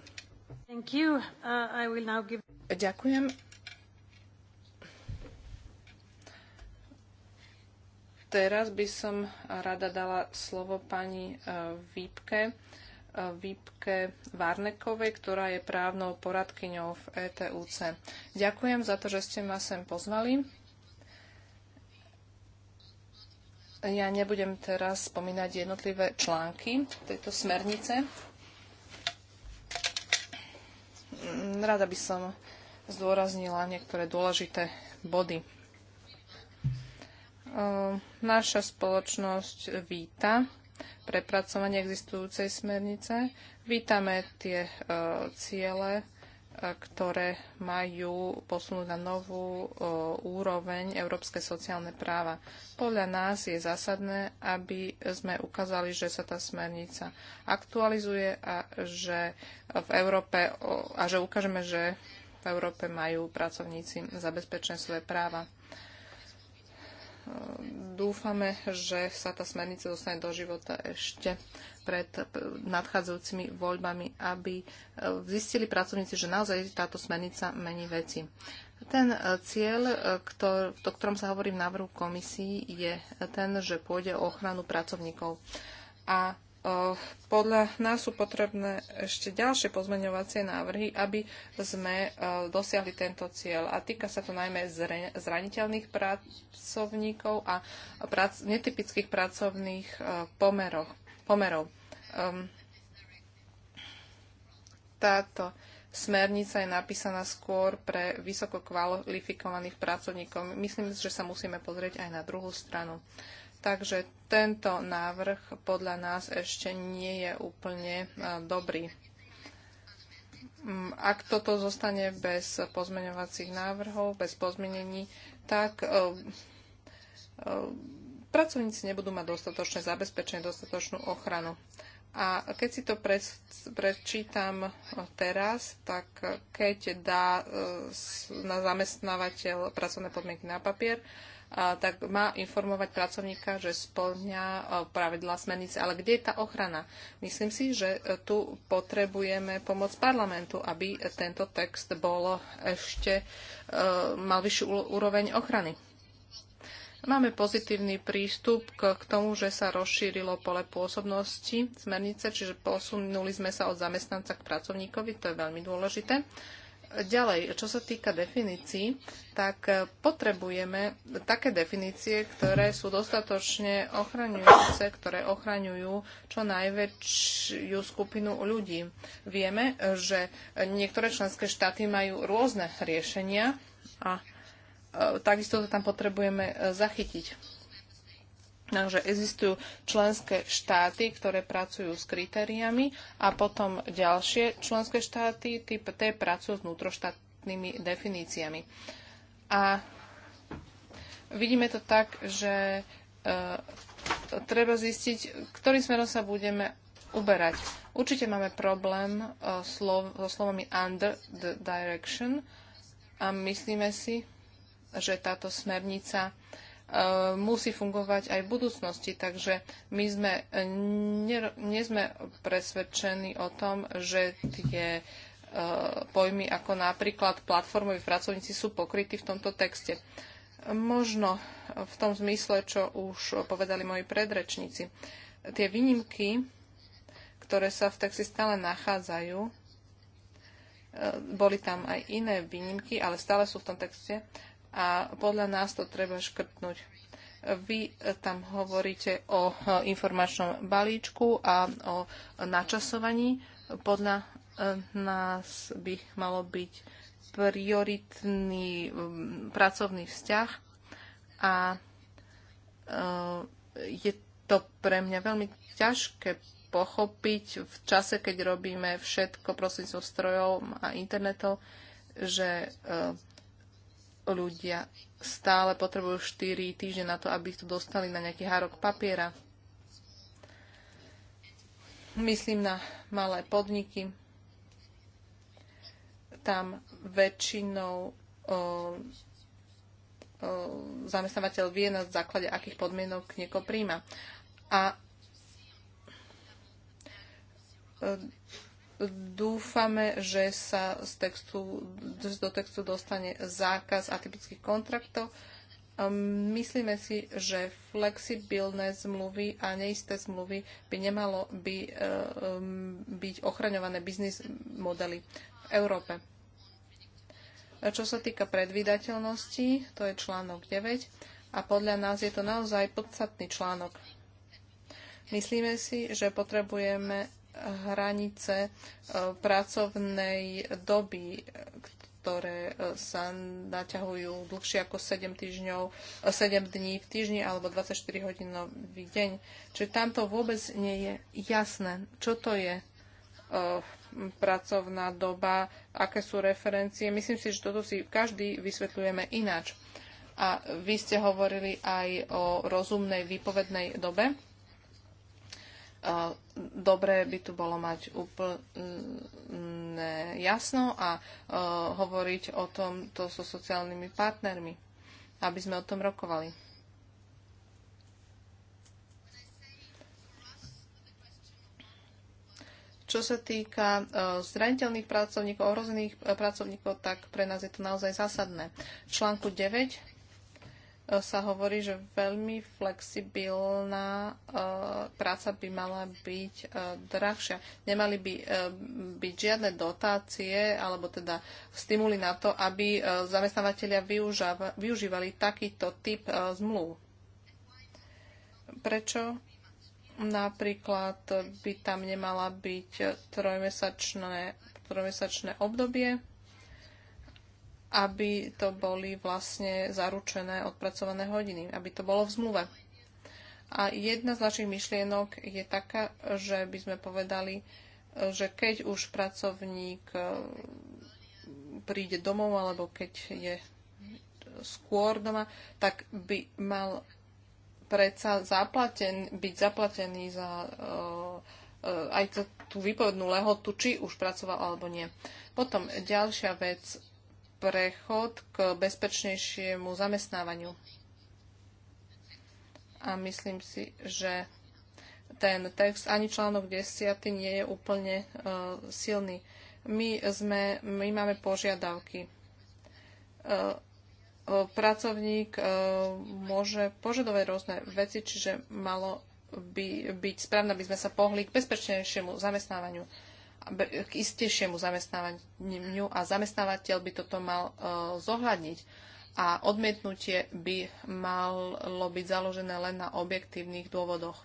Thank you. Uh, I will now give... Ďakujem. Teraz by som rada dala slovo pani e, Výpke, e, Výpke Várnekovej, ktorá je právnou poradkyňou v ETUC. Ďakujem za to, že ste ma sem pozvali. Ja nebudem teraz spomínať jednotlivé články tejto smernice. Rada by som zdôraznila niektoré dôležité body. Ehm, naša spoločnosť víta prepracovanie existujúcej smernice. Vítame tie ehm, ciele, ehm, ktoré majú posunúť na novú úroveň európske sociálne práva. Podľa nás je zásadné, aby sme ukázali, že sa tá smernica aktualizuje a že v Európe, a že ukážeme, že v Európe majú pracovníci zabezpečené svoje práva dúfame, že sa tá smernica dostane do života ešte pred nadchádzajúcimi voľbami, aby e, zistili pracovníci, že naozaj táto smernica mení veci. Ten e, cieľ, e, o ktorom sa hovorí v návrhu komisii, je ten, že pôjde o ochranu pracovníkov. A Eh, podľa nás sú potrebné ešte ďalšie pozmeňovacie návrhy, aby sme eh, dosiahli tento cieľ. A týka sa to najmä zraniteľných pracovníkov a prac, netypických pracovných eh, pomerov. pomerov. Ehm, táto smernica je napísaná skôr pre vysoko kvalifikovaných pracovníkov. Myslím, že sa musíme pozrieť aj na druhú stranu. Takže tento návrh podľa nás ešte nie je úplne e, dobrý. Mm, ak toto zostane bez pozmeňovacích návrhov, bez pozmenení, tak e, e, pracovníci nebudú mať dostatočné zabezpečenie, dostatočnú ochranu. A keď si to prečítam teraz, tak keď dá na zamestnávateľ pracovné podmienky na papier, tak má informovať pracovníka, že splňa e, pravidlá smernice. Ale kde je tá ochrana? Myslím si, že e, tu potrebujeme pomoc parlamentu, aby e, tento text bol ešte, mal vyššiu úroveň ochrany. Máme pozitívny prístup k, k tomu, že sa rozšírilo pole pôsobnosti smernice, čiže posunuli sme sa od zamestnanca k pracovníkovi, to je veľmi dôležité. Ďalej, čo sa týka definícií, tak e, potrebujeme také definície, ktoré sú dostatočne ochraňujúce, ktoré ochraňujú čo najväčšiu skupinu ľudí. Vieme, že niektoré členské štáty majú rôzne riešenia a e, takisto to tam potrebujeme e, zachytiť. Takže no, existujú členské štáty, ktoré pracujú s kritériami a potom ďalšie členské štáty, typ T, pracujú s vnútroštátnymi definíciami. A vidíme to tak, že e, treba zistiť, ktorým smerom sa budeme uberať. Určite máme problém e, slov, so slovami under the direction a myslíme si, že táto smernica e, E, musí fungovať aj v budúcnosti. Takže my sme, e, nie sme presvedčení o tom, že tie e, pojmy ako napríklad platformoví pracovníci sú pokrytí v tomto texte. Možno v tom zmysle, čo už povedali moji predrečníci. Tie výnimky, ktoré sa v texte stále nachádzajú, boli tam aj iné výnimky, ale stále sú v tom texte, a podľa nás to treba škrtnúť. Vy tam hovoríte o informačnom balíčku a o načasovaní. Podľa e, nás by malo byť prioritný pracovný vzťah a e, je to pre mňa veľmi ťažké pochopiť v čase, keď robíme všetko prostredníctvom strojov a internetov, že e, ľudia stále potrebujú 4 týždne na to, aby to dostali na nejaký hárok papiera. Myslím na malé podniky. Tam väčšinou o, o, zamestnávateľ vie na základe akých podmienok nieko príjma. A Dúfame, že sa z textu, do textu dostane zákaz atypických kontraktov. Ehm, myslíme si, že flexibilné zmluvy a neisté zmluvy by nemalo by, ehm, byť ochraňované biznis modely v Európe. Čo sa týka predvydateľnosti, to je článok 9 a podľa nás je to naozaj podstatný článok. Myslíme si, že potrebujeme hranice e, pracovnej doby, ktoré e, sa naťahujú dlhšie ako 7, týždňov, 7 e, dní v týždni alebo 24 hodinový deň. Čiže tamto vôbec nie je jasné, čo to je pracovná doba, aké sú referencie. Myslím si, že toto si každý vysvetľujeme ináč. A vy ste hovorili aj o rozumnej výpovednej dobe Dobre by tu bolo mať úplne jasno a e, hovoriť o tom to so sociálnymi partnermi, aby sme o tom rokovali. Čo sa týka e, zraniteľných pracovníkov, ohrozených e, pracovníkov, tak pre nás je to naozaj zásadné. V článku 9 sa hovorí, že veľmi flexibilná e, práca by mala byť e, drahšia. Nemali by e, byť žiadne dotácie alebo teda stimuli na to, aby zamestnávateľia využívali takýto typ zmluv. Prečo napríklad by tam nemala byť trojmesačné, trojmesačné obdobie? aby to boli vlastne zaručené odpracované hodiny, aby to bolo v zmluve. A jedna z našich myšlienok je taká, že by sme povedali, že keď už pracovník e, príde domov alebo keď je skôr doma, tak by mal predsa zaplaten, byť zaplatený za e, e, aj tú výpovednú lehotu, či už pracoval alebo nie. Potom ďalšia vec, prechod k bezpečnejšiemu zamestnávaniu. A myslím si, že ten text ani článok 10 nie je úplne uh, silný. My, sme, my máme požiadavky. Uh, pracovník uh, môže požadovať rôzne veci, čiže malo by byť správne, aby sme sa pohli k bezpečnejšiemu zamestnávaniu. Uh, k istejšiemu zamestnávaniu a zamestnávateľ by toto mal e, zohľadniť a odmietnutie by malo byť založené len na objektívnych dôvodoch.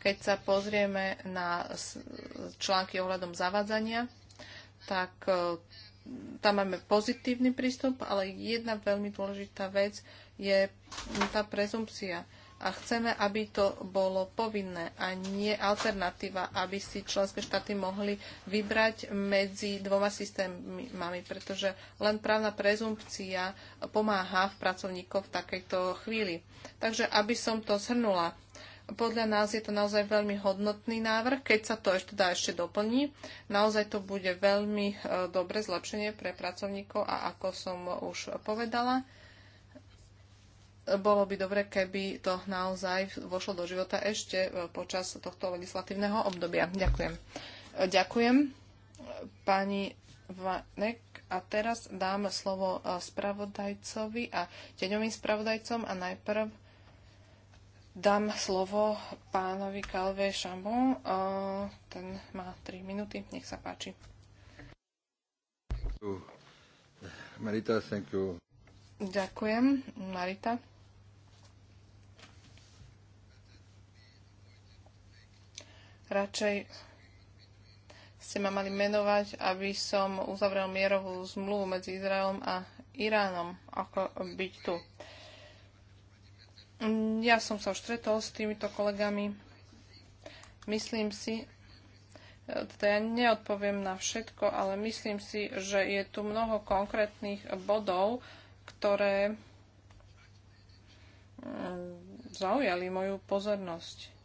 Keď sa pozrieme na články ohľadom zavadzania, tak e, tam máme pozitívny prístup, ale jedna veľmi dôležitá vec je tá prezumpcia a chceme, aby to bolo povinné a nie alternatíva, aby si členské štáty mohli vybrať medzi dvoma systémami, pretože len právna prezumpcia pomáha v pracovníkov v takejto chvíli. Takže aby som to zhrnula, podľa nás je to naozaj veľmi hodnotný návrh, keď sa to ešte dá ešte doplní. Naozaj to bude veľmi e, dobre zlepšenie pre pracovníkov a ako som už povedala, bolo by dobre, keby to naozaj vošlo do života ešte e, počas tohto legislatívneho obdobia. Ďakujem. E, ďakujem pani Vanek a teraz dám slovo e, spravodajcovi a deňovým spravodajcom a najprv dám slovo pánovi Calvé Šambon. Ten má 3 minúty, nech sa páči. Marita, thank you. Ďakujem, Marita. Radšej ste ma mali menovať, aby som uzavrel mierovú zmluvu medzi Izraelom a Iránom, ako byť tu. Ja som sa už stretol s týmito kolegami. Myslím si, teda ja neodpoviem na všetko, ale myslím si, že je tu mnoho konkrétnych bodov, ktoré mm, zaujali moju pozornosť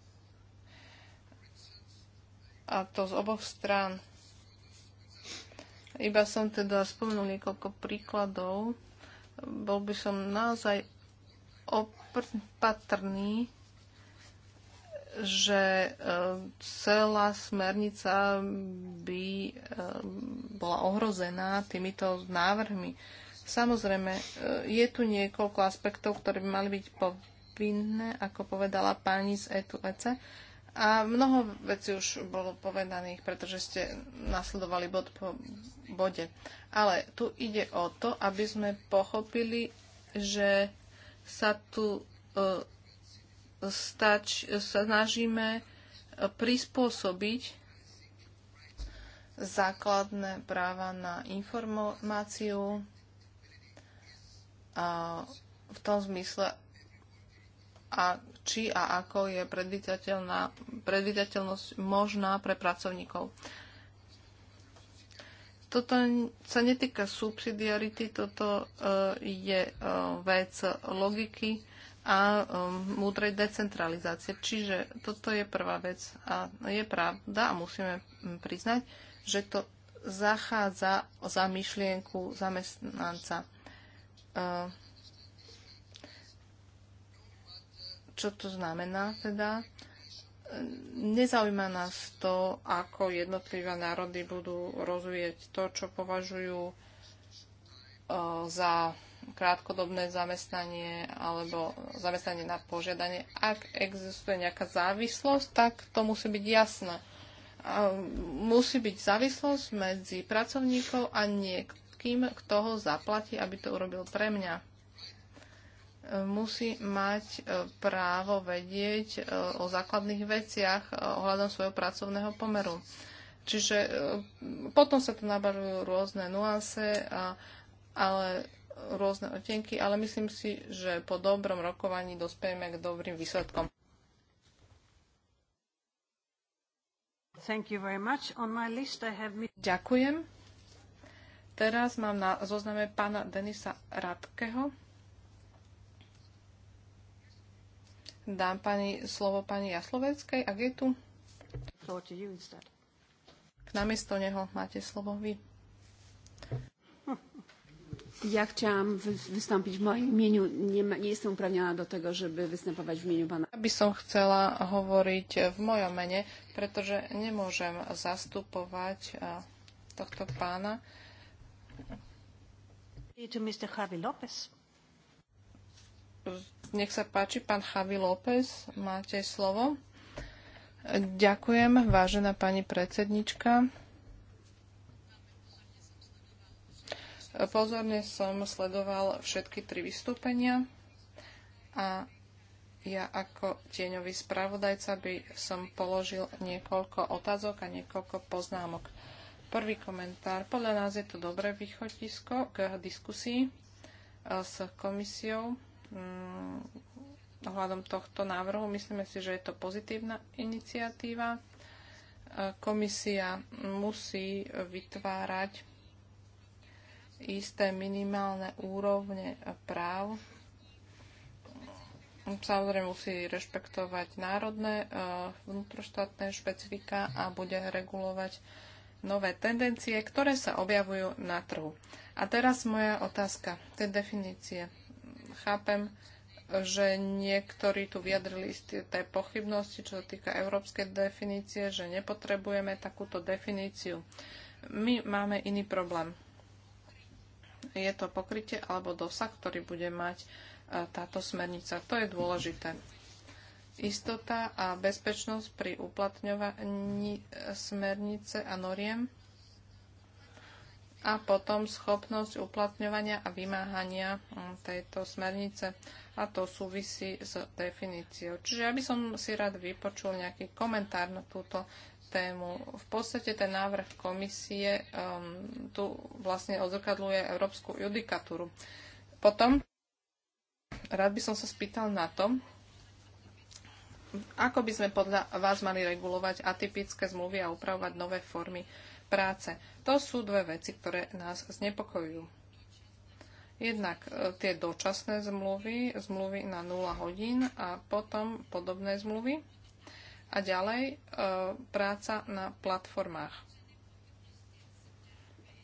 a to z oboch strán. Iba som teda spomenul niekoľko príkladov. Bol by som naozaj opatrný, že e, celá smernica by e, bola ohrozená týmito návrhmi. Samozrejme, e, je tu niekoľko aspektov, ktoré by mali byť povinné, ako povedala pani z E EC. A mnoho vecí už bolo povedaných, pretože ste nasledovali bod po bode. Ale tu ide o to, aby sme pochopili, že sa tu e, stač, snažíme e, prispôsobiť základné práva na informáciu a v tom zmysle, a či a ako je predvydateľnosť možná pre pracovníkov. Toto sa netýka subsidiarity, toto e, je e, vec logiky a e, múdrej decentralizácie. Čiže toto je prvá vec a je pravda a musíme priznať, že to zachádza za myšlienku zamestnanca. čo to znamená teda? Nezaujíma nás to, ako jednotlivé národy budú rozvíjať to, čo považujú e, za krátkodobné zamestnanie alebo zamestnanie na požiadanie. Ak existuje nejaká závislosť, tak to musí byť jasné. Musí byť závislosť medzi pracovníkov a niekým, kto ho zaplatí, aby to urobil pre mňa musí mať e, právo vedieť e, o základných veciach e, ohľadom svojho pracovného pomeru. Čiže potom sa tu nabarujú rôzne nuance, a, ale rôzne otenky, ale myslím si, že po dobrom rokovaní dospejeme k dobrým výsledkom. Thank you very much. On my list I have... Ďakujem. Teraz mám na zozname pána Denisa Radkeho. dám pani, slovo pani Jasloveckej, ak je tu. K namiesto neho máte slovo vy. Ja chciałam wystąpić w moim imieniu. Nie, ma, nie jestem uprawniona do tego, żeby występować w imieniu pana. Ja by som chcela hovoriť v mojom mene, nie mogę zastupować e, tohto pana. To Mr. Javi Lopez. Nech sa páči, pán Javi López, máte slovo. Ďakujem, vážená pani predsednička. Pozorne som sledoval všetky tri vystúpenia a ja ako tieňový spravodajca by som položil niekoľko otázok a niekoľko poznámok. Prvý komentár. Podľa nás je to dobré východisko k diskusii s komisiou Mm, ohľadom tohto návrhu. Myslíme si, že je to pozitívna iniciatíva. E, komisia musí vytvárať isté minimálne úrovne práv. Samozrejme musí rešpektovať národné, e, vnútroštátne špecifika a bude regulovať nové tendencie, ktoré sa objavujú na trhu. A teraz moja otázka, tie definície chápem, že niektorí tu vyjadrili isté pochybnosti, čo sa týka európskej definície, že nepotrebujeme takúto definíciu. My máme iný problém. Je to pokrytie alebo dosah, ktorý bude mať e, táto smernica. To je dôležité. Istota a bezpečnosť pri uplatňovaní e, smernice a noriem a potom schopnosť uplatňovania a vymáhania mm, tejto smernice. A to súvisí s definíciou. Čiže ja by som si rád vypočul nejaký komentár na túto tému. V podstate ten návrh komisie um, tu vlastne odzrkadluje európsku judikatúru. Potom rád by som sa spýtal na to, ako by sme podľa vás mali regulovať atypické zmluvy a upravovať nové formy práce. To sú dve veci, ktoré nás znepokojujú. Jednak e, tie dočasné zmluvy, zmluvy na 0 hodín a potom podobné zmluvy. A ďalej e, práca na platformách.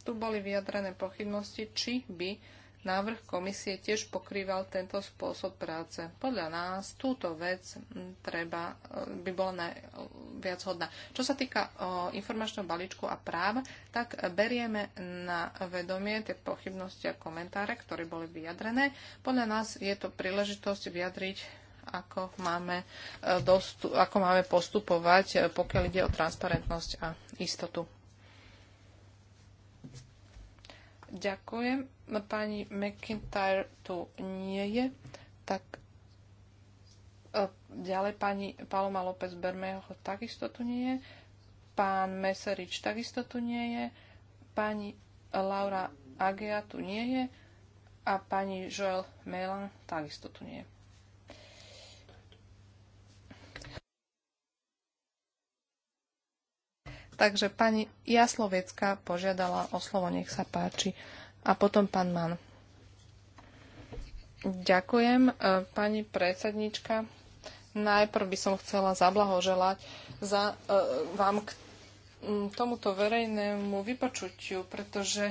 Tu boli vyjadrené pochybnosti, či by Návrh komisie tiež pokrýval tento spôsob práce. Podľa nás túto vec treba, e, by bola viac hodná. Čo sa týka o, informačného balíčku a práv, tak berieme na vedomie tie pochybnosti a komentáre, ktoré boli vyjadrené. Podľa nás je to príležitosť vyjadriť ako máme, e, dostu- ako máme postupovať, e, pokiaľ ide o transparentnosť a istotu. Ďakujem. Pani McIntyre tu nie je, tak e, ďalej pani Paloma López Bermeho takisto tu nie je, pán Meserič takisto tu nie je, pani Laura Agea tu nie je a pani Joel Melan takisto tu nie je. Takže pani Jaslovecka požiadala o slovo, nech sa páči. A potom pán Man. Ďakujem, e, pani predsednička. Najprv by som chcela zablahoželať za, e, vám k tomuto verejnému vypočutiu, pretože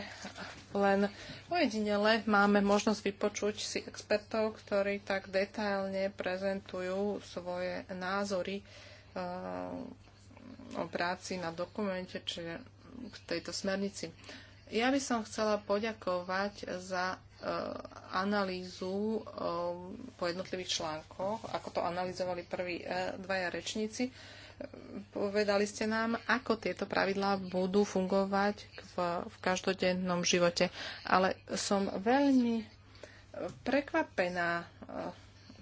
len ojedinele máme možnosť vypočuť si expertov, ktorí tak detailne prezentujú svoje názory e, o práci na dokumente, či k tejto smernici. Ja by som chcela poďakovať za e, analýzu e, po jednotlivých článkoch, ako to analyzovali prví e, dvaja rečníci. Povedali ste nám, ako tieto pravidlá budú fungovať v, v každodennom živote. Ale som veľmi prekvapená e,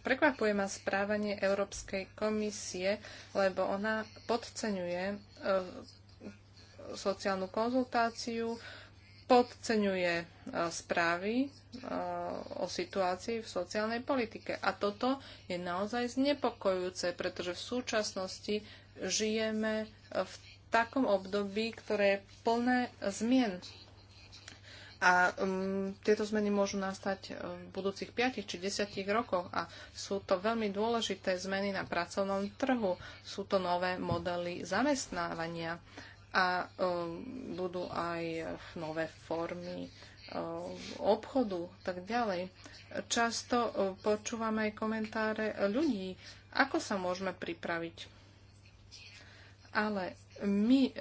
Prekvapuje ma správanie Európskej komisie, lebo ona podceňuje e, sociálnu konzultáciu, podceňuje e, správy e, o situácii v sociálnej politike. A toto je naozaj znepokojúce, pretože v súčasnosti žijeme v takom období, ktoré je plné zmien a um, tieto zmeny môžu nastať um, v budúcich 5 či 10 rokoch a sú to veľmi dôležité zmeny na pracovnom trhu. Sú to nové modely zamestnávania a um, budú aj nové formy um, obchodu a tak ďalej. Často um, počúvame aj komentáre ľudí, ako sa môžeme pripraviť. Ale my uh,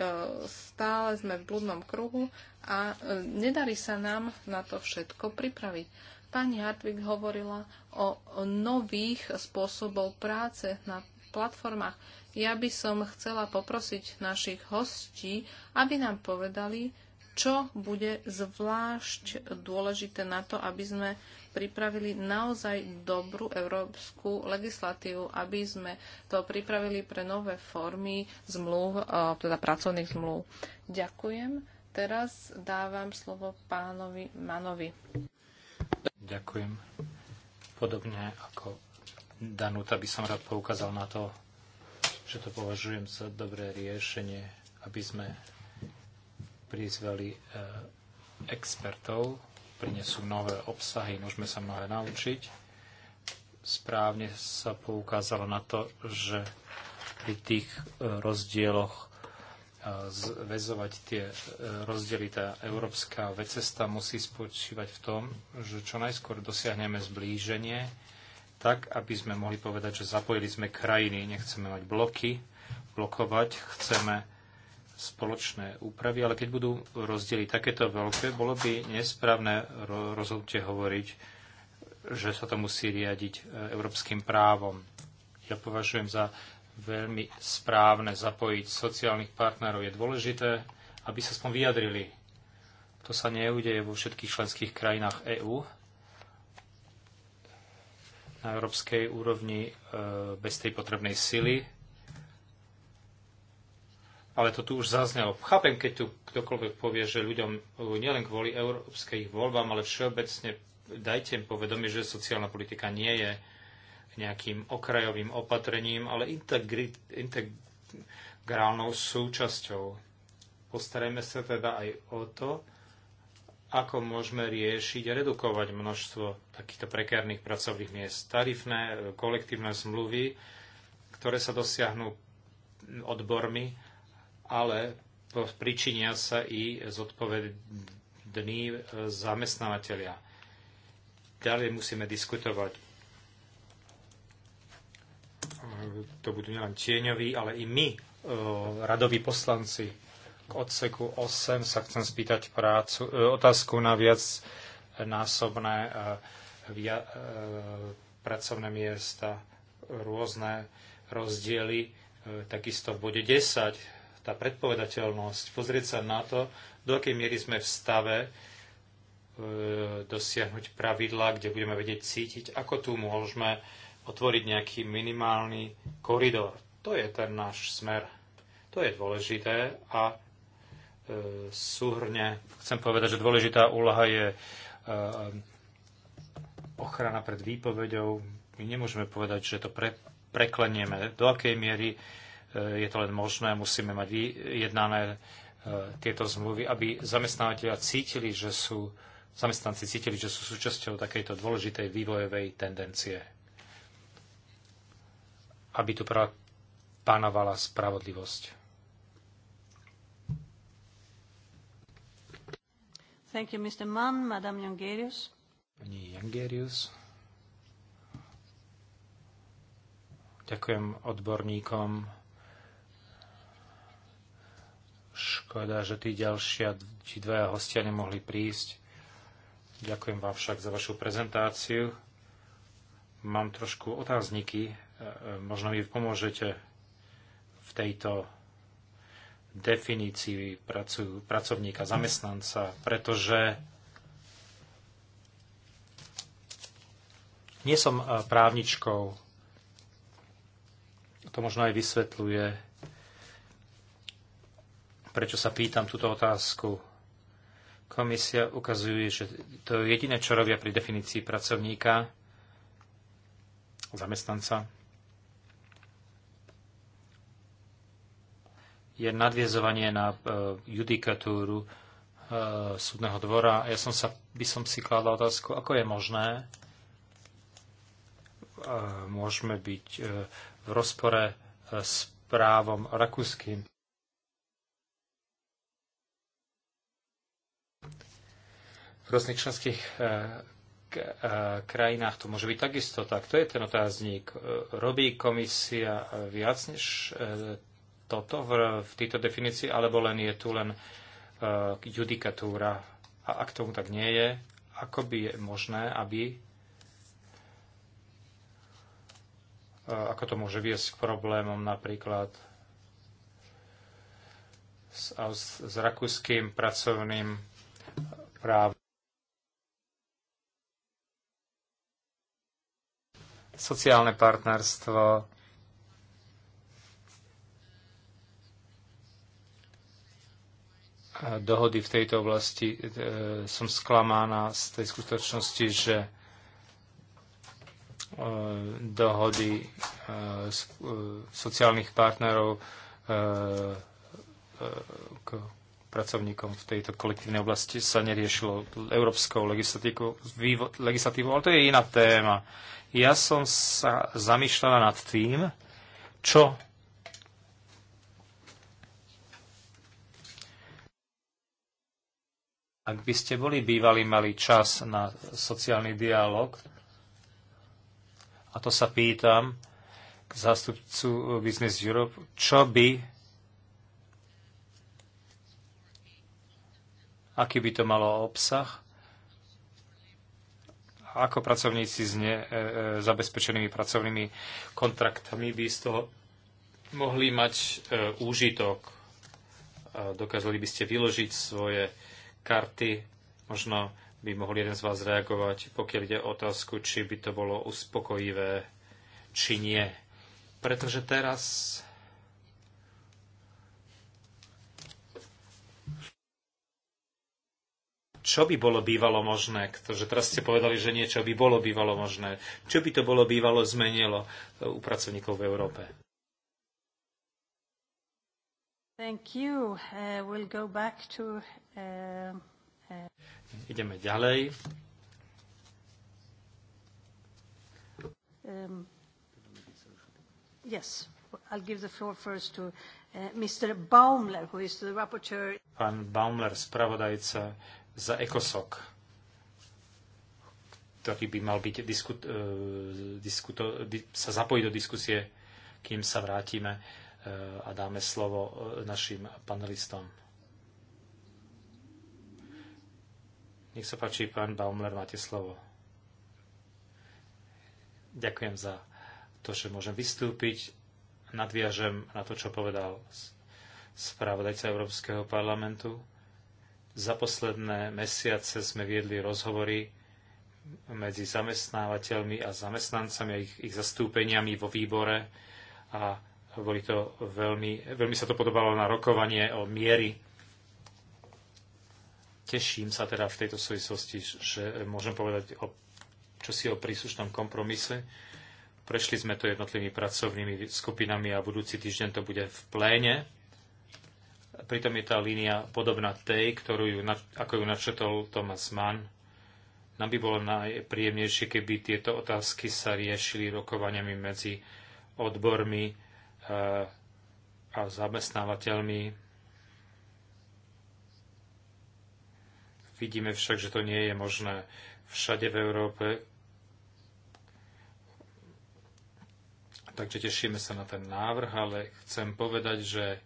stále sme v blúdnom kruhu a e, nedarí sa nám na to všetko pripraviť. Pani Hartwig hovorila o nových spôsoboch práce na platformách. Ja by som chcela poprosiť našich hostí, aby nám povedali, čo bude zvlášť dôležité na to, aby sme pripravili naozaj dobrú európsku legislatívu, aby sme to pripravili pre nové formy zmluv, e, teda pracovných zmluv. Ďakujem teraz dávam slovo pánovi Manovi. Ďakujem. Podobne ako Danuta by som rád poukázal na to, že to považujem za dobré riešenie, aby sme prizvali e, expertov, prinesú nové obsahy, môžeme sa mnohé naučiť. Správne sa poukázalo na to, že pri tých e, rozdieloch zväzovať tie e, rozdiely. Tá európska cesta musí spočívať v tom, že čo najskôr dosiahneme zblíženie, tak, aby sme mohli povedať, že zapojili sme krajiny, nechceme mať bloky, blokovať, chceme spoločné úpravy, ale keď budú rozdiely takéto veľké, bolo by nesprávne rozhodnutie hovoriť, že sa to musí riadiť e, európskym právom. Ja považujem za veľmi správne zapojiť sociálnych partnerov. Je dôležité, aby sa spom vyjadrili. To sa neudeje vo všetkých členských krajinách EÚ. Na európskej úrovni e, bez tej potrebnej sily. Ale to tu už zaznelo. Chápem, keď tu ktokoľvek povie, že ľuďom e, nielen kvôli európskej voľbám, ale všeobecne dajte im povedomie, že sociálna politika nie je nejakým okrajovým opatrením, ale integri- integrálnou súčasťou. Postarajme sa teda aj o to, ako môžeme riešiť a redukovať množstvo takýchto prekárnych pracovných miest. Tarifné, kolektívne zmluvy, ktoré sa dosiahnu odbormi, ale pričinia sa i zodpovední zamestnávateľia. Ďalej musíme diskutovať to budú nielen tieňoví, ale i my, e, radoví poslanci. K odseku 8 sa chcem spýtať prácu, e, otázku na viac násobné e, via, pracovné miesta, rôzne rozdiely, takisto v bode 10, tá predpovedateľnosť, pozrieť sa na to, do akej miery sme v stave dosiahnuť pravidlá, kde budeme vedieť cítiť, ako tu môžeme otvoriť nejaký minimálny koridor. To je ten náš smer. To je dôležité a e, súhrne chcem povedať, že dôležitá úloha je e, ochrana pred výpovedou. My nemôžeme povedať, že to pre, preklenieme. Do akej miery e, je to len možné, musíme mať vyjednané e, tieto zmluvy, aby zamestnávateľia cítili, že sú zamestnanci cítili, že sú súčasťou takejto dôležitej vývojovej tendencie aby tu panovala spravodlivosť. Thank you, Mr. Mann, Madame Jongerius. Pani Jongerius. Ďakujem odborníkom. Škoda, že tí ďalšia, tí dvaja hostia nemohli prísť. Ďakujem vám však za vašu prezentáciu. Mám trošku otázniky možno mi pomôžete v tejto definícii pracovníka, zamestnanca, pretože nie som právničkou. To možno aj vysvetľuje, prečo sa pýtam túto otázku. Komisia ukazuje, že to je jediné, čo robia pri definícii pracovníka, zamestnanca, je nadviezovanie na e, judikatúru e, súdneho dvora. Ja som sa, by som si kladla otázku, ako je možné, e, môžeme byť v rozpore s právom rakúskym. V rôznych členských krajinách to môže byť takisto tak. To je ten otáznik. Robí komisia viac, než toto v, v tejto definícii, alebo len je tu len uh, judikatúra. A ak tomu tak nie je, ako by je možné, aby uh, ako to môže viesť k problémom napríklad s, s rakúským pracovným právom. Sociálne partnerstvo, dohody v tejto oblasti e, som sklamána z tej skutočnosti, že e, dohody e, sociálnych partnerov k pracovníkom v tejto kolektívnej oblasti sa neriešilo európskou legislatívou, ale to je iná téma. Ja som sa zamýšľala nad tým, čo Ak by ste boli bývali mali čas na sociálny dialog, a to sa pýtam k zástupcu Business Europe, čo by, aký by to malo obsah, ako pracovníci s ne, e, e zabezpečenými pracovnými kontraktami by z toho mohli mať e, úžitok. E, dokázali by ste vyložiť svoje e, karty. Možno by mohol jeden z vás reagovať, pokiaľ ide o otázku, či by to bolo uspokojivé, či nie. Pretože teraz čo by bolo bývalo možné? Pretože teraz ste povedali, že niečo by bolo bývalo možné. Čo by to bolo bývalo zmenilo u pracovníkov v Európe? Thank you. Uh, we'll go back to, uh, uh, Ideme ďalej. Um, yes, I'll give the floor first to uh, Mr. Baumler, who is the rapporteur. Pán Baumler, spravodajca za ECOSOC, ktorý by mal byť diskut, uh, diskuto, di, sa zapojiť do diskusie, kým sa vrátime. Uh, a dáme slovo e, našim panelistom. Nech sa páči, pán Baumler, máte slovo. Ďakujem za to, že môžem vystúpiť. Nadviažem na to, čo povedal správodajca Európskeho parlamentu. Za posledné mesiace sme viedli rozhovory medzi zamestnávateľmi a zamestnancami a ich, ich zastúpeniami vo výbore a boli to veľmi, veľmi sa to podobalo na rokovanie o miery. Teším sa teda v tejto súvislosti, že môžem povedať o, čo si o príslušnom kompromise. Prešli sme to jednotlivými pracovnými skupinami a budúci týždeň to bude v pléne. Pritom je tá línia podobná tej, ktorú ju, ako ju načetol Thomas Mann. Nám by bolo najpríjemnejšie, keby tieto otázky sa riešili rokovaniami medzi odbormi a zamestnávateľmi. Vidíme však, že to nie je možné všade v Európe. Takže tešíme sa na ten návrh, ale chcem povedať, že e,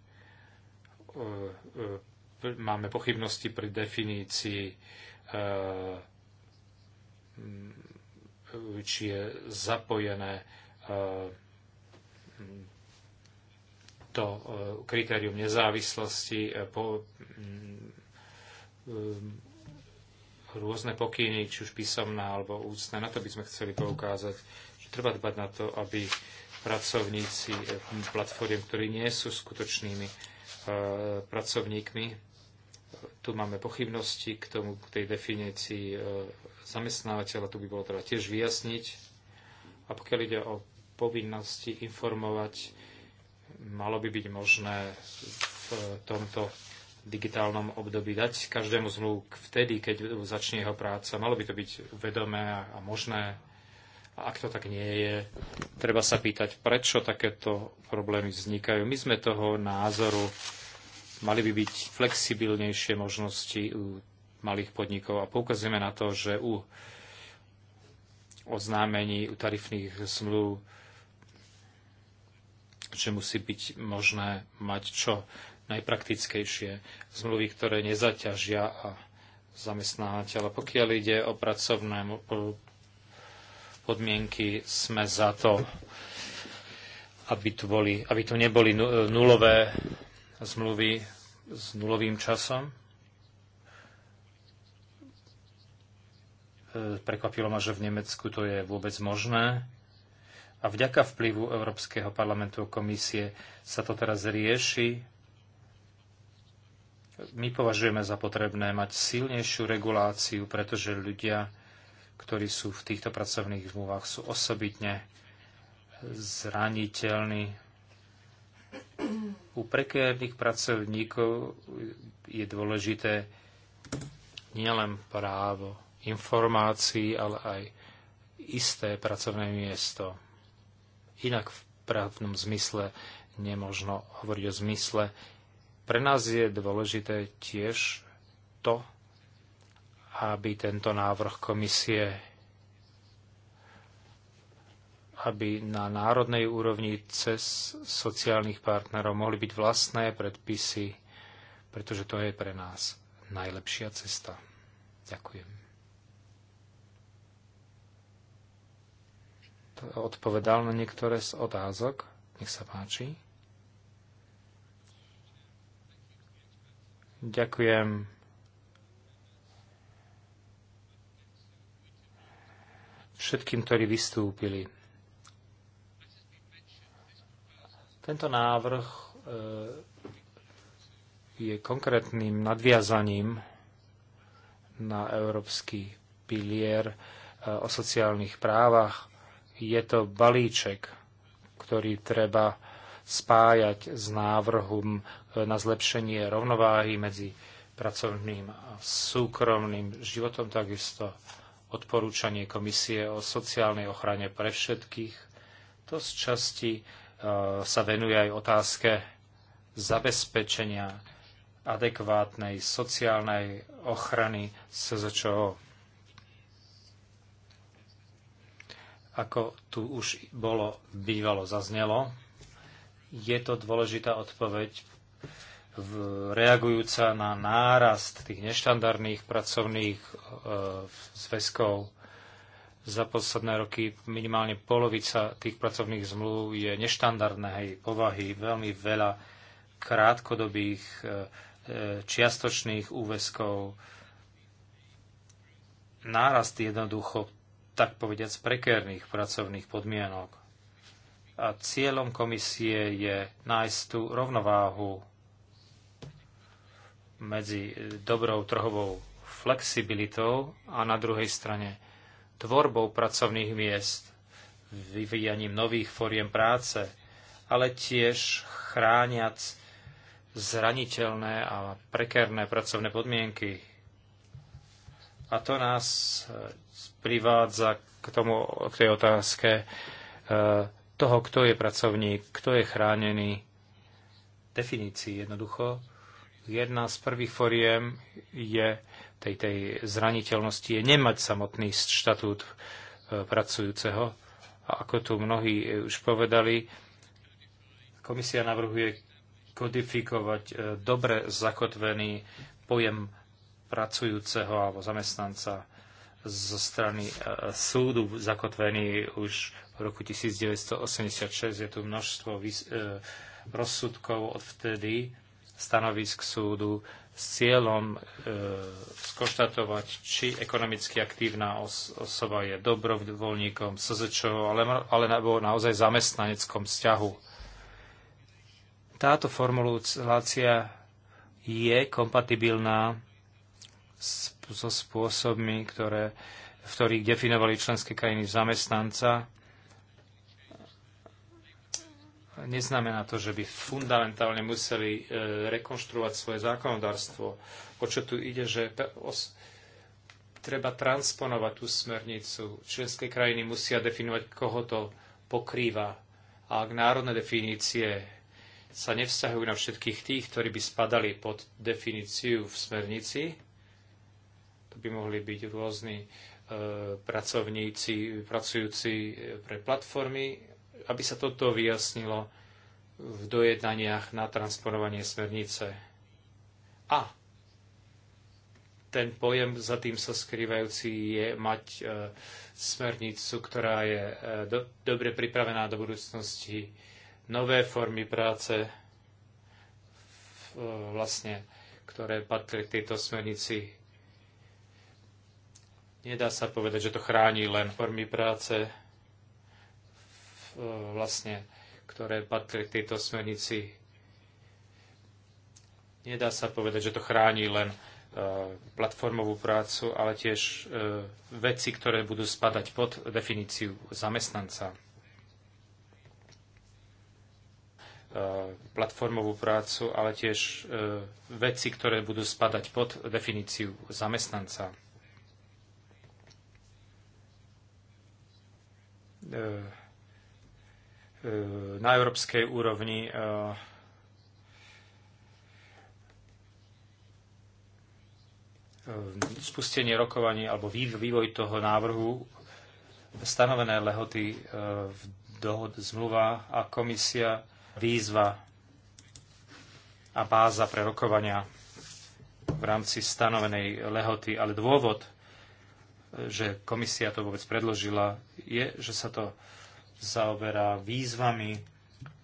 e, máme pochybnosti pri definícii, e, či je zapojené to e, kritérium nezávislosti, e, po, mm, e, rôzne pokyny, či už písomná alebo ústna. Na to by sme chceli poukázať, že treba dbať na to, aby pracovníci platform, ktorí nie sú skutočnými e, pracovníkmi, tu máme pochybnosti k tomu, k tej definícii e, zamestnávateľa, tu by bolo treba tiež vyjasniť. A pokiaľ ide o povinnosti informovať malo by byť možné v tomto digitálnom období dať každému zmluv vtedy, keď začne jeho práca. Malo by to byť vedomé a možné. A ak to tak nie je, treba sa pýtať, prečo takéto problémy vznikajú. My sme toho názoru, mali by byť flexibilnejšie možnosti u malých podnikov a poukazujeme na to, že u oznámení, u tarifných zmluv že musí byť možné mať čo najpraktickejšie zmluvy, ktoré nezaťažia a zamestnávateľa. Pokiaľ ide o pracovné podmienky, sme za to, aby tu, boli, aby tu neboli nulové zmluvy s nulovým časom. E, prekvapilo ma, že v Nemecku to je vôbec možné a vďaka vplyvu Európskeho parlamentu a komisie sa to teraz rieši. My považujeme za potrebné mať silnejšiu reguláciu, pretože ľudia, ktorí sú v týchto pracovných zmluvách, sú osobitne zraniteľní. U prekérnych pracovníkov je dôležité nielen právo informácií, ale aj isté pracovné miesto. Inak v právnom zmysle nemožno hovoriť o zmysle. Pre nás je dôležité tiež to, aby tento návrh komisie aby na národnej úrovni cez sociálnych partnerov mohli byť vlastné predpisy, pretože to je pre nás najlepšia cesta. Ďakujem. odpovedal na niektoré z otázok. Nech sa páči. Ďakujem. všetkým, ktorí vystúpili. Tento návrh e, je konkrétnym nadviazaním na európsky pilier e, o sociálnych právach je to balíček, ktorý treba spájať s návrhom e, na zlepšenie rovnováhy medzi pracovným a súkromným životom, takisto odporúčanie komisie o sociálnej ochrane pre všetkých. To z časti e, sa venuje aj otázke zabezpečenia adekvátnej sociálnej ochrany SZČO Ako tu už bolo bývalo zaznelo, je to dôležitá odpoveď v, reagujúca na nárast tých neštandardných pracovných e, zväzkov. Za posledné roky minimálne polovica tých pracovných zmluv je neštandardnej povahy. Veľmi veľa krátkodobých e, e čiastočných úväzkov. Nárast jednoducho tak povediac, prekérnych pracovných podmienok. A cieľom komisie je nájsť tú rovnováhu medzi dobrou trhovou flexibilitou a na druhej strane tvorbou pracovných miest, vyvíjaním nových foriem práce, ale tiež chrániac zraniteľné a prekérne pracovné podmienky, a to nás eh, privádza k, tomu, k tej otázke eh, toho, kto je pracovník, kto je chránený. Definícii jednoducho. Jedna z prvých foriem je tej, tej zraniteľnosti je nemať samotný štatút eh, pracujúceho. A ako tu mnohí už povedali, komisia navrhuje kodifikovať dobre zakotvený pojem pracujúceho alebo zamestnanca zo strany e, súdu zakotvený už v roku 1986. Je tu množstvo e, rozsudkov od vtedy, stanovisk súdu s cieľom e, skonštatovať, či ekonomicky aktívna osoba je dobrovoľníkom SZČO alebo naozaj zamestnaneckom vzťahu. Táto formulácia je kompatibilná so spôsobmi, ktoré, v ktorých definovali členské krajiny zamestnanca. Neznamená to, že by fundamentálne museli e, rekonštruovať svoje zákonodárstvo. O čo tu ide, že treba transponovať tú smernicu. Členské krajiny musia definovať, koho to pokrýva. A ak národné definície sa nevzťahujú na všetkých tých, ktorí by spadali pod definíciu v smernici, to by mohli byť rôzni e, pracovníci, pracujúci pre platformy, aby sa toto vyjasnilo v dojednaniach na transponovanie smernice. A ten pojem za tým sa skrývajúci je mať e, smernicu, ktorá je e, do, dobre pripravená do budúcnosti, nové formy práce, v, e, vlastne, ktoré patrí k tejto smernici Nedá sa povedať, že to chráni len formy práce, e, vlastne, ktoré patrí k tejto smernici. Nedá sa povedať, že to chráni len e, platformovú prácu, ale tiež e, veci, ktoré budú spadať pod definíciu zamestnanca. platformovú prácu, ale tiež veci, ktoré budú spadať pod definíciu zamestnanca. na európskej úrovni eh, eh, spustenie rokovaní alebo vývoj toho návrhu stanovené lehoty eh, v dohod, zmluva a komisia, výzva a báza pre rokovania v rámci stanovenej lehoty, ale dôvod že komisia to vôbec predložila, je, že sa to zaoberá výzvami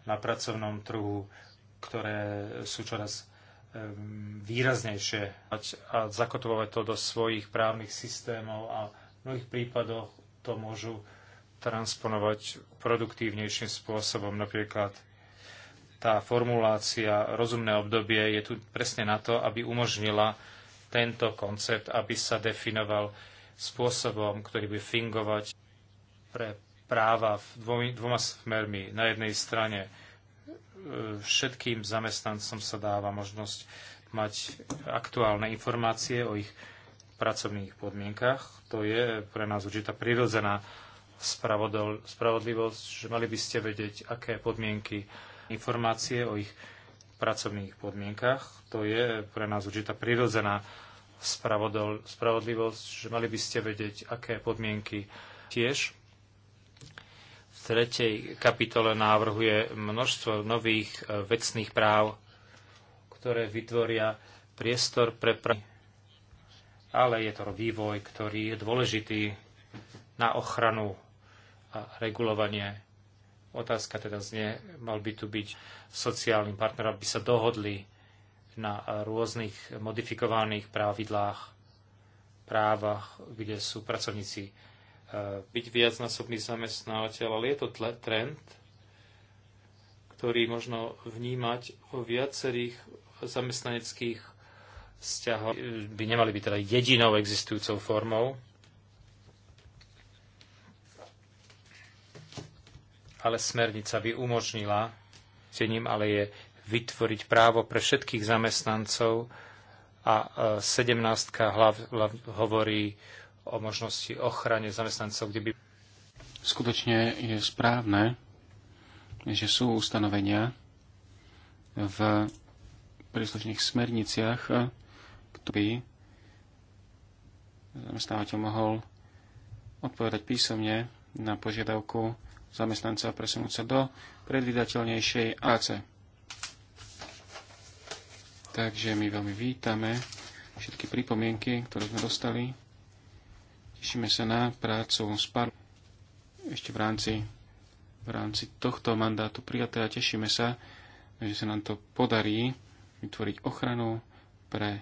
na pracovnom trhu, ktoré sú čoraz výraznejšie a zakotovovať to do svojich právnych systémov a v mnohých prípadoch to môžu transponovať produktívnejším spôsobom. Napríklad tá formulácia rozumné obdobie je tu presne na to, aby umožnila tento koncept, aby sa definoval spôsobom, ktorý bude fingovať pre práva dvomi, dvoma smermi. Na jednej strane e, všetkým zamestnancom sa dáva možnosť mať aktuálne informácie o ich pracovných podmienkach. To je pre nás určitá prirodzená spravodlivosť, že mali by ste vedieť, aké podmienky, informácie o ich pracovných podmienkach. To je pre nás určitá prirodzená spravodlivosť, že mali by ste vedieť, aké podmienky tiež. V tretej kapitole návrhu je množstvo nových e, vecných práv, ktoré vytvoria priestor pre pra- ale je to vývoj, ktorý je dôležitý na ochranu a regulovanie. Otázka teda znie, mal by tu byť sociálnym partnerom, aby sa dohodli na rôznych modifikovaných pravidlách, právach, kde sú pracovníci e, byť viacnásobný zamestnávateľ, ale je to trend, ktorý možno vnímať vo viacerých zamestnaneckých vzťahoch. By nemali byť teda jedinou existujúcou formou. Ale smernica by umožnila, ním, ale je vytvoriť právo pre všetkých zamestnancov a 17. E, hlav, hlav, hovorí o možnosti ochrane zamestnancov, kde by... Skutočne je správne, že sú ustanovenia v príslušných smerniciach, e, by zamestnávateľ mohol odpovedať písomne na požiadavku zamestnanca presunúť sa do predvydateľnejšej AC. Takže my veľmi vítame všetky pripomienky, ktoré sme dostali. Tešíme sa na prácu s par ešte v rámci, v rámci tohto mandátu prijaté a tešíme sa, že sa nám to podarí vytvoriť ochranu pre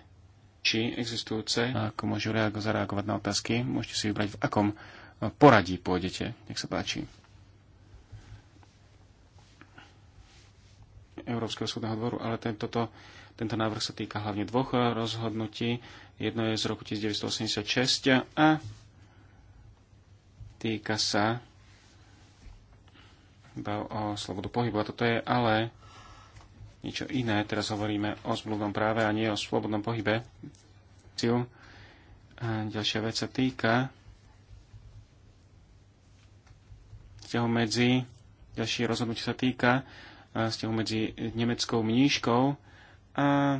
či existujúce, a ako môžu reago- zareagovať na otázky. Môžete si vybrať, v akom poradí pôjdete. Nech sa páči. Európskeho súdneho dvoru, ale tento tento návrh sa týka hlavne dvoch rozhodnutí. Jedno je z roku 1986 a týka sa iba o slobodu pohybu. A toto je ale niečo iné. Teraz hovoríme o zmluvnom práve a nie o slobodnom pohybe. A ďalšia vec sa týka vzťahu medzi, ďalšie rozhodnutie sa týka vzťahu medzi nemeckou mníškou a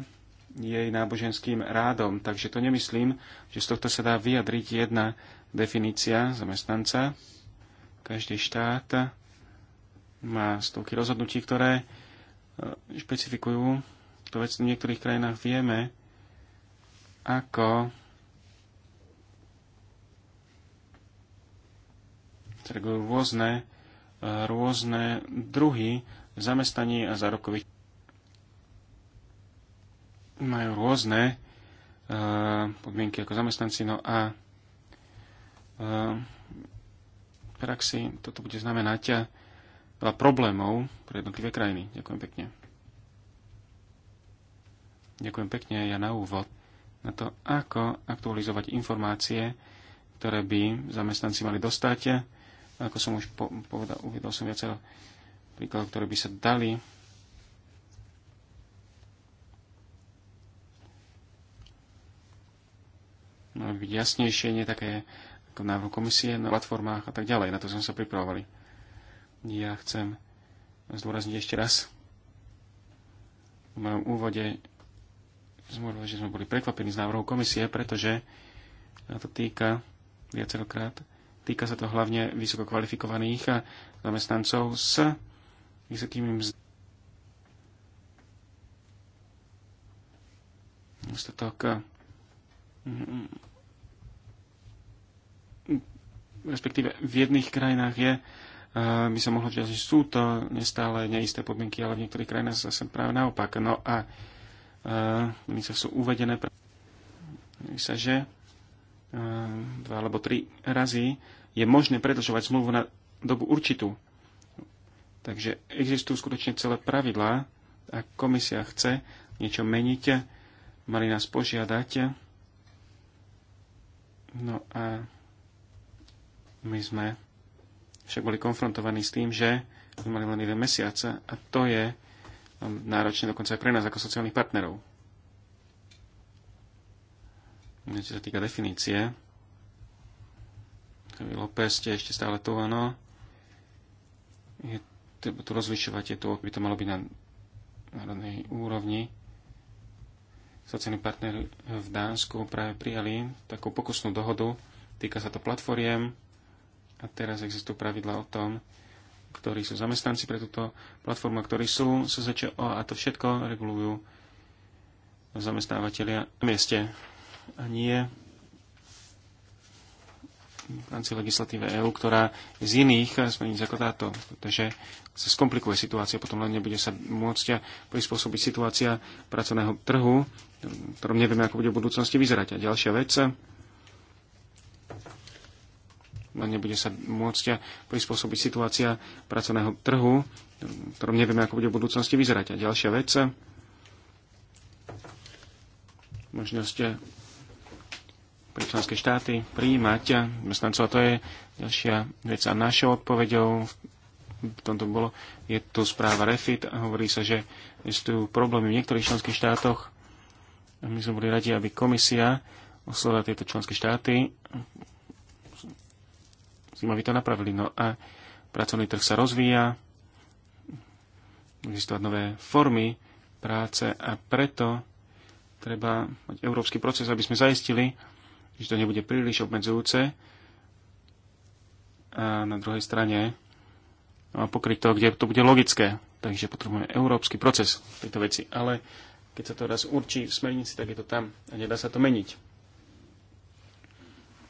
jej náboženským rádom. Takže to nemyslím, že z tohto sa dá vyjadriť jedna definícia zamestnanca. Každý štát má stovky rozhodnutí, ktoré e, špecifikujú to vec. V niektorých krajinách vieme, ako rôzne, e, rôzne druhy zamestnaní a zárokových majú rôzne e, podmienky ako zamestnanci, no a e, v praxi toto bude znamenať veľa problémov pre jednotlivé krajiny. Ďakujem pekne. Ďakujem pekne ja na úvod na to, ako aktualizovať informácie, ktoré by zamestnanci mali dostať. Ako som už povedal, uvedol som viacero príkladov, ktoré by sa dali mali no, byť jasnejšie, nie také ako návrh návrhu komisie, na platformách a tak ďalej. Na to sme sa pripravovali. Ja chcem zdôrazniť ešte raz v mojom úvode, že sme boli prekvapení z návrhu komisie, pretože na to týka viacerokrát. Týka sa to hlavne vysoko kvalifikovaných a zamestnancov s vysokými mzdami. Mhm. respektíve v jedných krajinách je, eh, by sa mohlo vťať, že sú to nestále neisté podmienky, ale v niektorých krajinách zase práve naopak. No a eh, my sa sú uvedené pre sa, že eh, dva alebo tri razy je možné predlžovať zmluvu na dobu určitú. Takže existujú skutočne celé pravidlá. Ak komisia chce niečo meniť, mali nás požiadať No a my sme však boli konfrontovaní s tým, že sme mali len jeden mesiac a to je um, náročné dokonca aj pre nás ako sociálnych partnerov. Čo sa týka definície, to je ešte stále tu, áno. Je treba tu rozlišovať, je to, by to malo byť na národnej úrovni sociálni partneri v Dánsku práve prijali takú pokusnú dohodu, týka sa to platformiem a teraz existujú pravidla o tom, ktorí sú zamestnanci pre túto platformu ktorí sú SZČO a to všetko regulujú zamestnávateľia na mieste a nie v rámci legislatíve EÚ, ktorá z iných smerníc ako táto, pretože sa skomplikuje situácia, potom len nebude sa môcť prispôsobiť situácia pracovného trhu, ktorom nevieme, ako bude v budúcnosti vyzerať. A ďalšia vec, len nebude sa môcť prispôsobiť situácia pracovného trhu, ktorom nevieme, ako bude v budúcnosti vyzerať. A ďalšia vec, možnosť pre členské štáty prijímať A to je ďalšia vec. A našou odpoveďou v tomto bolo, je tu správa REFIT a hovorí sa, že existujú problémy v niektorých členských štátoch. A my sme boli radi, aby komisia oslovila tieto členské štáty. Zima by to napravili. No a pracovný trh sa rozvíja, Existujú nové formy práce a preto treba mať európsky proces, aby sme zaistili, že to nebude príliš obmedzujúce. A na druhej strane no, pokryť to, kde to bude logické. Takže potrebujeme európsky proces v tejto veci. Ale keď sa to raz určí v smernici, tak je to tam a nedá sa to meniť.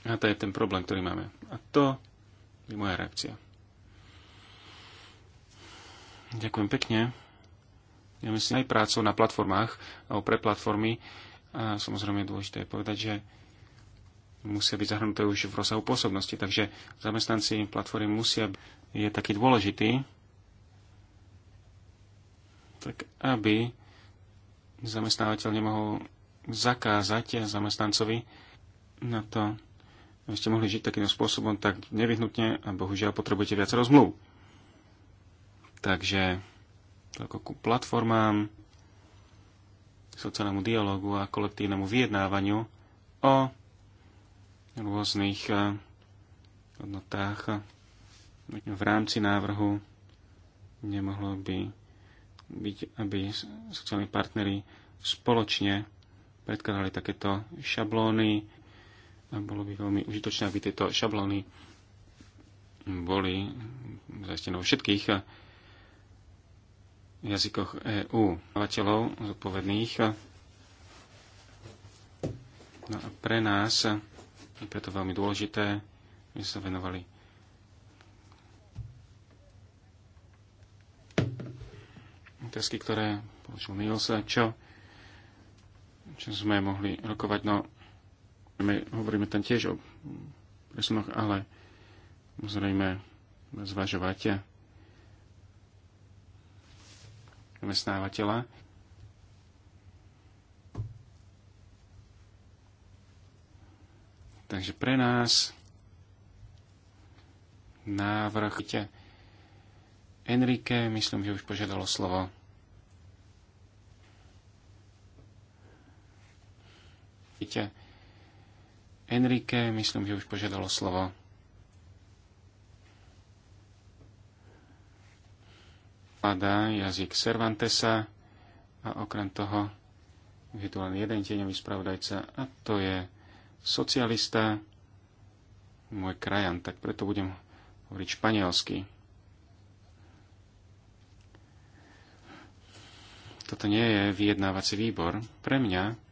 A to je ten problém, ktorý máme. A to je moja reakcia. Ďakujem pekne. Ja myslím aj prácu na platformách, alebo pre platformy. A samozrejme je dôležité povedať, že musia byť zahrnuté už v rozsahu pôsobnosti. Takže zamestnanci platformy musia je taký dôležitý, tak aby zamestnávateľ nemohol zakázať zamestnancovi na to, aby ste mohli žiť takým spôsobom, tak nevyhnutne a bohužiaľ potrebujete viac rozmluv. Takže toľko ku platformám, sociálnemu dialogu a kolektívnemu vyjednávaniu o rôznych eh, hodnotách v rámci návrhu nemohlo by byť, aby sociálni partnery spoločne predkladali takéto šablóny a bolo by veľmi užitočné, aby tieto šablóny boli zaistené vo všetkých eh, jazykoch EÚ, obyvateľov zodpovedných. No a pre nás preto veľmi dôležité, že sa venovali otázky, ktoré položil Nielsa, čo, čo sme mohli rokovať, no my hovoríme tam tiež o presunoch, ale zrejme zvažovate zamestnávateľa, Takže pre nás návrh Enrique, myslím, že už požiadalo slovo. Víte, Enrique, myslím, že už požiadalo slovo. Vláda jazyk Cervantesa a okrem toho je tu len jeden tieňový spravodajca a to je socialista, môj krajan, tak preto budem hovoriť španielsky. Toto nie je vyjednávací výbor. Pre mňa